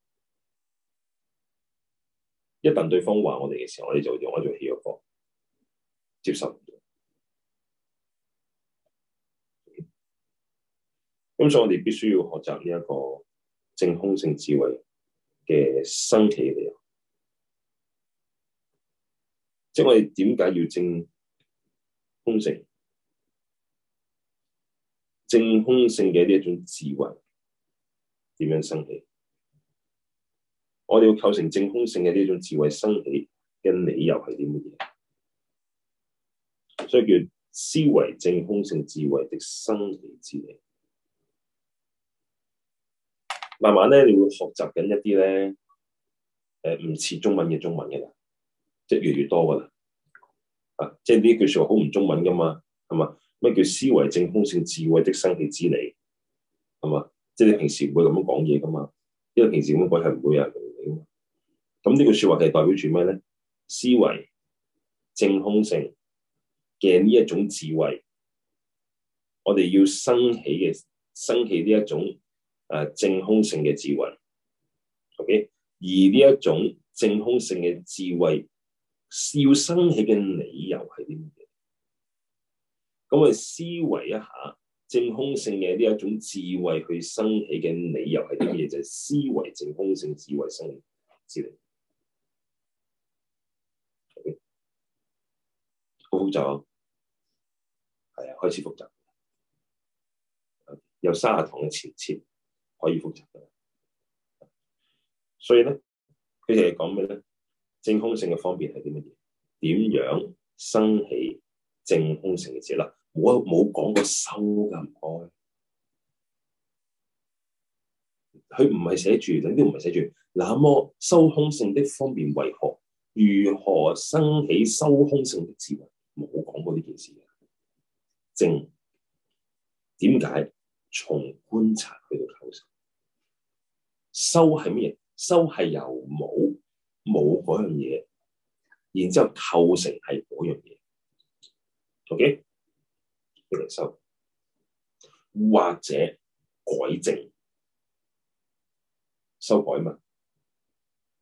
一旦對方話我哋嘅時候，我哋就用一種氣弱方接受。咁所以，我哋必須要學習呢一個證空性智慧嘅生起嘅理由。即係我哋點解要證空性、證空性嘅呢一種智慧點樣生起？我哋要構成證空性嘅呢種智慧生起嘅理由係啲乜嘢？所以叫思，慢慢、呃越越啊、叫思維證空性智慧的生起之理。慢慢咧，你會學習緊一啲咧，誒唔似中文嘅中文嘅啦，即係越嚟越多噶啦。啊，即係呢句說話好唔中文噶嘛，係嘛？咩叫思維證空性智慧的生起之理？係嘛？即係你平時唔會咁樣講嘢噶嘛？因為平時咁樣講係唔會有人啊。咁呢句說話係，代表住咩咧？思維證空性嘅呢一種智慧，我哋要生起嘅生起呢一種誒證空性嘅智慧。O K，而呢一種證空性嘅智慧，okay? 智慧要生起嘅理由係啲乜嘢？咁我哋思維一下證空性嘅呢一種智慧去生起嘅理由係啲乜嘢？就係、是、思維證空性智慧生起之理。複習就係啊，開始複習有三日堂嘅前節可以複習噶。所以咧，佢哋係講咩咧？證空性嘅方便係啲乜嘢？點樣生起證空性嘅字啦？冇冇講過收嘅唔開？佢唔係寫住，亦都唔係寫住。那麼證空性的方便為何？如何生起證空性的字冇講過呢件事嘅，正點解從觀察去到構成？修係咩？修係由冇冇嗰樣嘢，然之後構成係嗰樣嘢，ok？一嚟修，或者改正、修改嘛？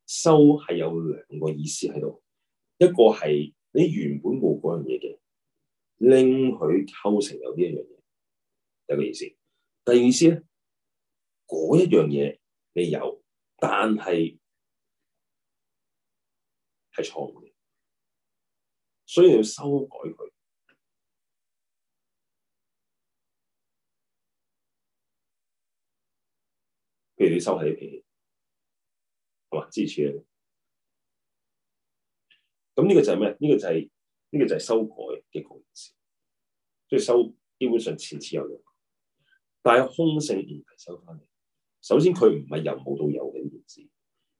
修係有兩個意思喺度，一個係。你原本冇嗰樣嘢嘅，拎佢構成有呢一樣嘢，第一個意思。第二意思咧，嗰一樣嘢你有，但係係錯誤嘅，所以你要修改佢。譬如你收起啲皮，好嘛？之前。咁呢個就係咩？呢、這個就係、是、呢、這個就係修改嘅過程，即係修基本上次次有用，但係空性唔係收翻嚟。首先，佢唔係由冇到有嘅意思；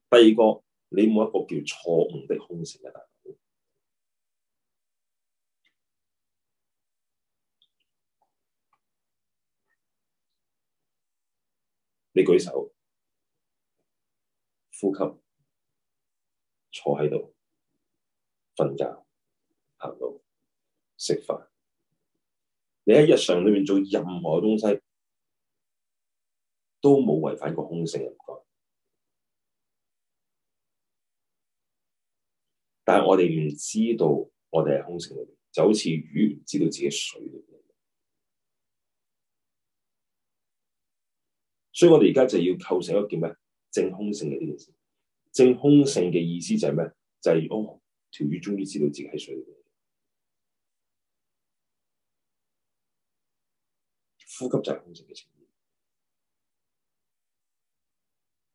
第二個，你冇一個叫錯誤的空性嘅答案。你舉手，呼吸，坐喺度。瞓覺、行路、食飯，你喺日常裏面做任何東西，都冇違反過空性嘅唔該。但係我哋唔知道我哋係空性裏邊，就好似魚唔知道自己水裏面。所以我哋而家就要構成一個叫咩？正空性嘅呢件事。正空性嘅意思就係咩？就係、是條魚終於知道自己喺水度，呼吸就係空性嘅層面。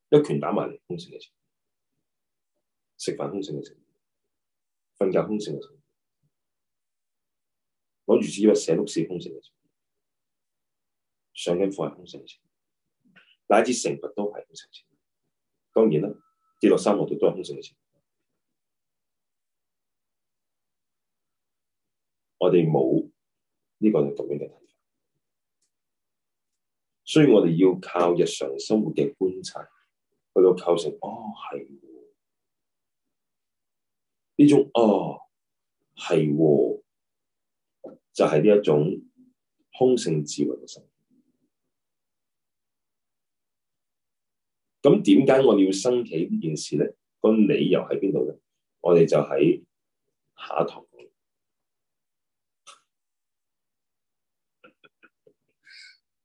一拳打埋嚟，空性嘅層面。食飯，空性嘅層面。瞓覺空性嘅層面，攞住紙筆寫碌事空性嘅層面。上緊課係空性嘅層面。乃至成佛都係空性嘅層面。當然啦，跌落三惡道都係空性嘅層面。我哋冇呢個咁樣嘅睇法，所以我哋要靠日常生活嘅觀察去到構成。哦，係，呢種哦係，就係呢一種空性智慧嘅生活。咁點解我哋要生起呢件事咧？個理由喺邊度咧？我哋就喺下一堂。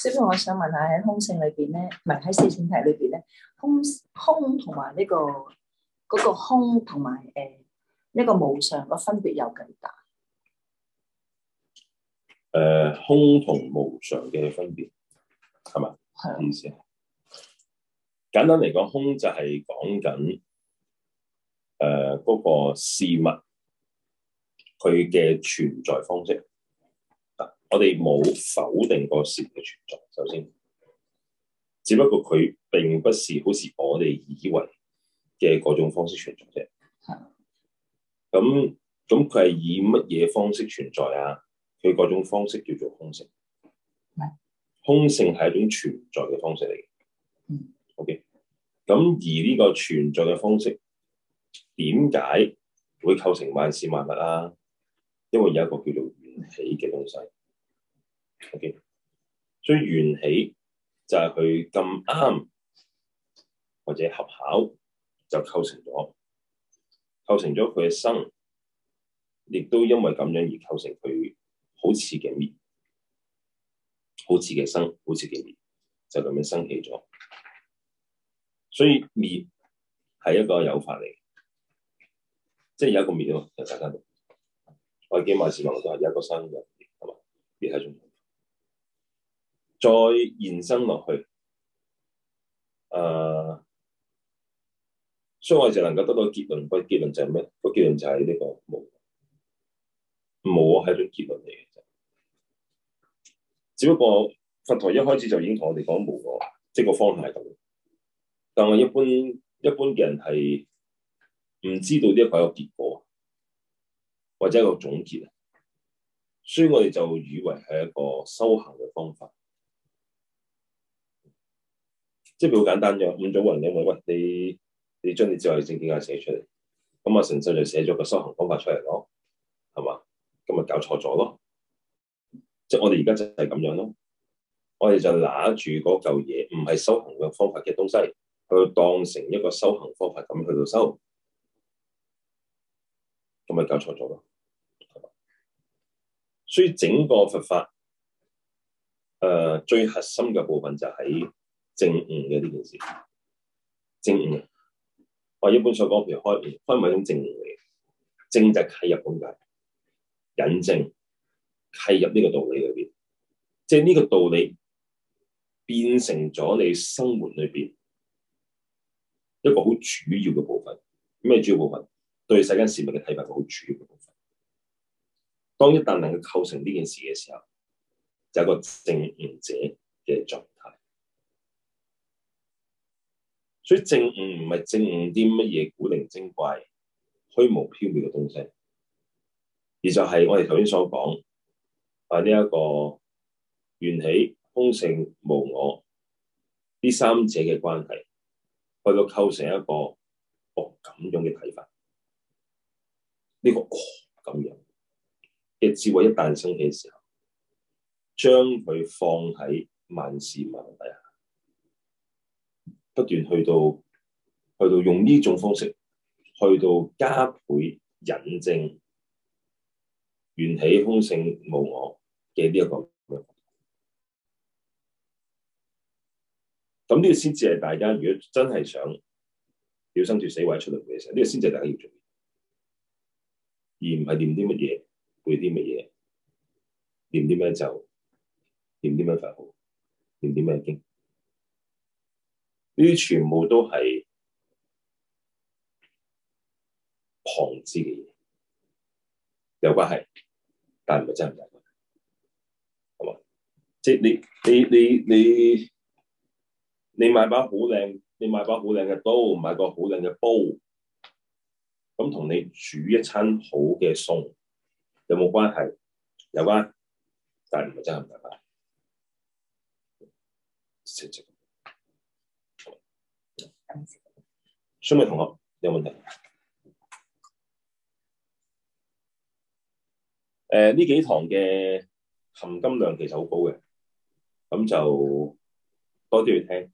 師父，我想問下喺空性裏邊咧，唔係喺四聖諦裏邊咧，空空同埋呢個嗰、那個、空同埋誒呢個無常嘅分別有幾大？誒、呃，空同無常嘅分別係咪？係啊。唔知啊。簡單嚟講，空就係講緊誒嗰個事物佢嘅存在方式。我哋冇否定過事嘅存在，首先，只不過佢並不是好似我哋以為嘅嗰種方式存在啫。係，咁咁佢係以乜嘢方式存在啊？佢嗰種方式叫做空性，的空性係一種存在嘅方式嚟嘅。嗯，OK，咁而呢個存在嘅方式，點解會構成萬事萬物啊？因為有一個叫做緣起嘅東西。O.K.，所以緣起就係佢咁啱或者合巧，就構成咗，構成咗佢嘅生，亦都因為咁樣而構成佢好似嘅滅，好似嘅生，好似嘅滅，就咁樣生起咗。所以滅係一個有法嚟，即係有一個滅咯，大家都，我哋見萬市民我都係有一個生嘅滅，係嘛？滅係重要。面再延伸落去，誒、呃，所以我哋就能夠得到結論。個結論就係咩？個結論就係呢、這個無我，無係一種結論嚟嘅。只不過佛陀一開始就已經同我哋講無我，即係個方向係咁。但係一般一般嘅人係唔知道呢一個有結果，或者一個總結啊。所以我哋就以為係一個修行嘅方法。即係好簡單嘅五組人，你為喂你你將你自己嘅正見寫出嚟，咁啊神秀就寫咗個修行方法出嚟咯，係嘛？咁咪搞錯咗咯。即係我哋而家就係咁樣咯。我哋就拿住嗰嚿嘢，唔係修行嘅方法嘅東西，去當成一個修行方法咁去到修，咁咪搞錯咗咯。係嘛？所以整個佛法誒、呃、最核心嘅部分就喺、是、～證悟嘅呢件事，證悟，我一般所講，譬如開開悟係一種證悟嚟嘅，證就契入咁解，引證，契入呢個道理裏邊，即係呢個道理變成咗你生活裏邊一個好主要嘅部分。咩主要部分？對世間事物嘅睇法好主要嘅部分。當一旦能夠構成呢件事嘅時候，就係一個證悟者嘅狀態。所以正悟唔係正悟啲乜嘢古靈精怪，虛無縹緲嘅東西，而就係我哋頭先所講，係呢一個緣起、空性、無我呢三者嘅關係，去到構成一個哦咁樣嘅睇法。呢、這個咁樣嘅智慧一旦升起嘅時候，將佢放喺萬事萬物底下。不斷去到，去到用呢種方式，去到加倍引證，緣起空性無我嘅呢一個咁，呢個先至係大家如果真係想要生脱死位出嚟嘅時候，呢個先至係大家要做，而唔係念啲乜嘢，背啲乜嘢，念啲咩就念啲咩佛號，念啲咩經。呢啲全部都係旁支嘅嘢，有關係，但係唔係真係唔得，係嘛？即係你你你你你買把好靚，你買把好靚嘅刀，買個好靚嘅煲，咁同你煮一餐好嘅餸有冇關係？有關係，但係唔係真係，唔得。即想唔想同學有問題？誒、嗯，呢幾堂嘅含金量其實好高嘅，咁就多啲去聽，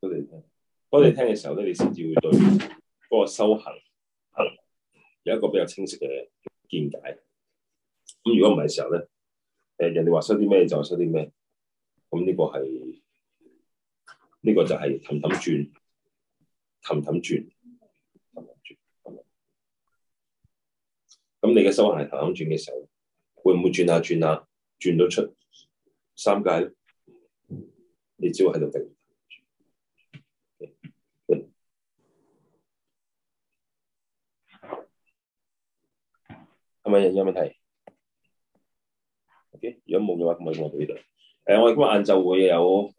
多啲去聽，多啲去聽嘅時候咧，你先至會對嗰個修行行有一個比較清晰嘅見解。咁如果唔係嘅時候咧，誒，人哋話收啲咩就收啲咩，咁呢個係呢、呢個就係氹氹轉。氹氹轉，氹氹轉，咁你嘅收鞋氹氹轉嘅時候，會唔會轉下轉下，轉到出三界咧？你只會喺度定，係、okay? 咪、okay. 嗯、有咩問題？okay. 如果冇嘅話，咁咪我哋呢度誒，我哋今日晏晝會有。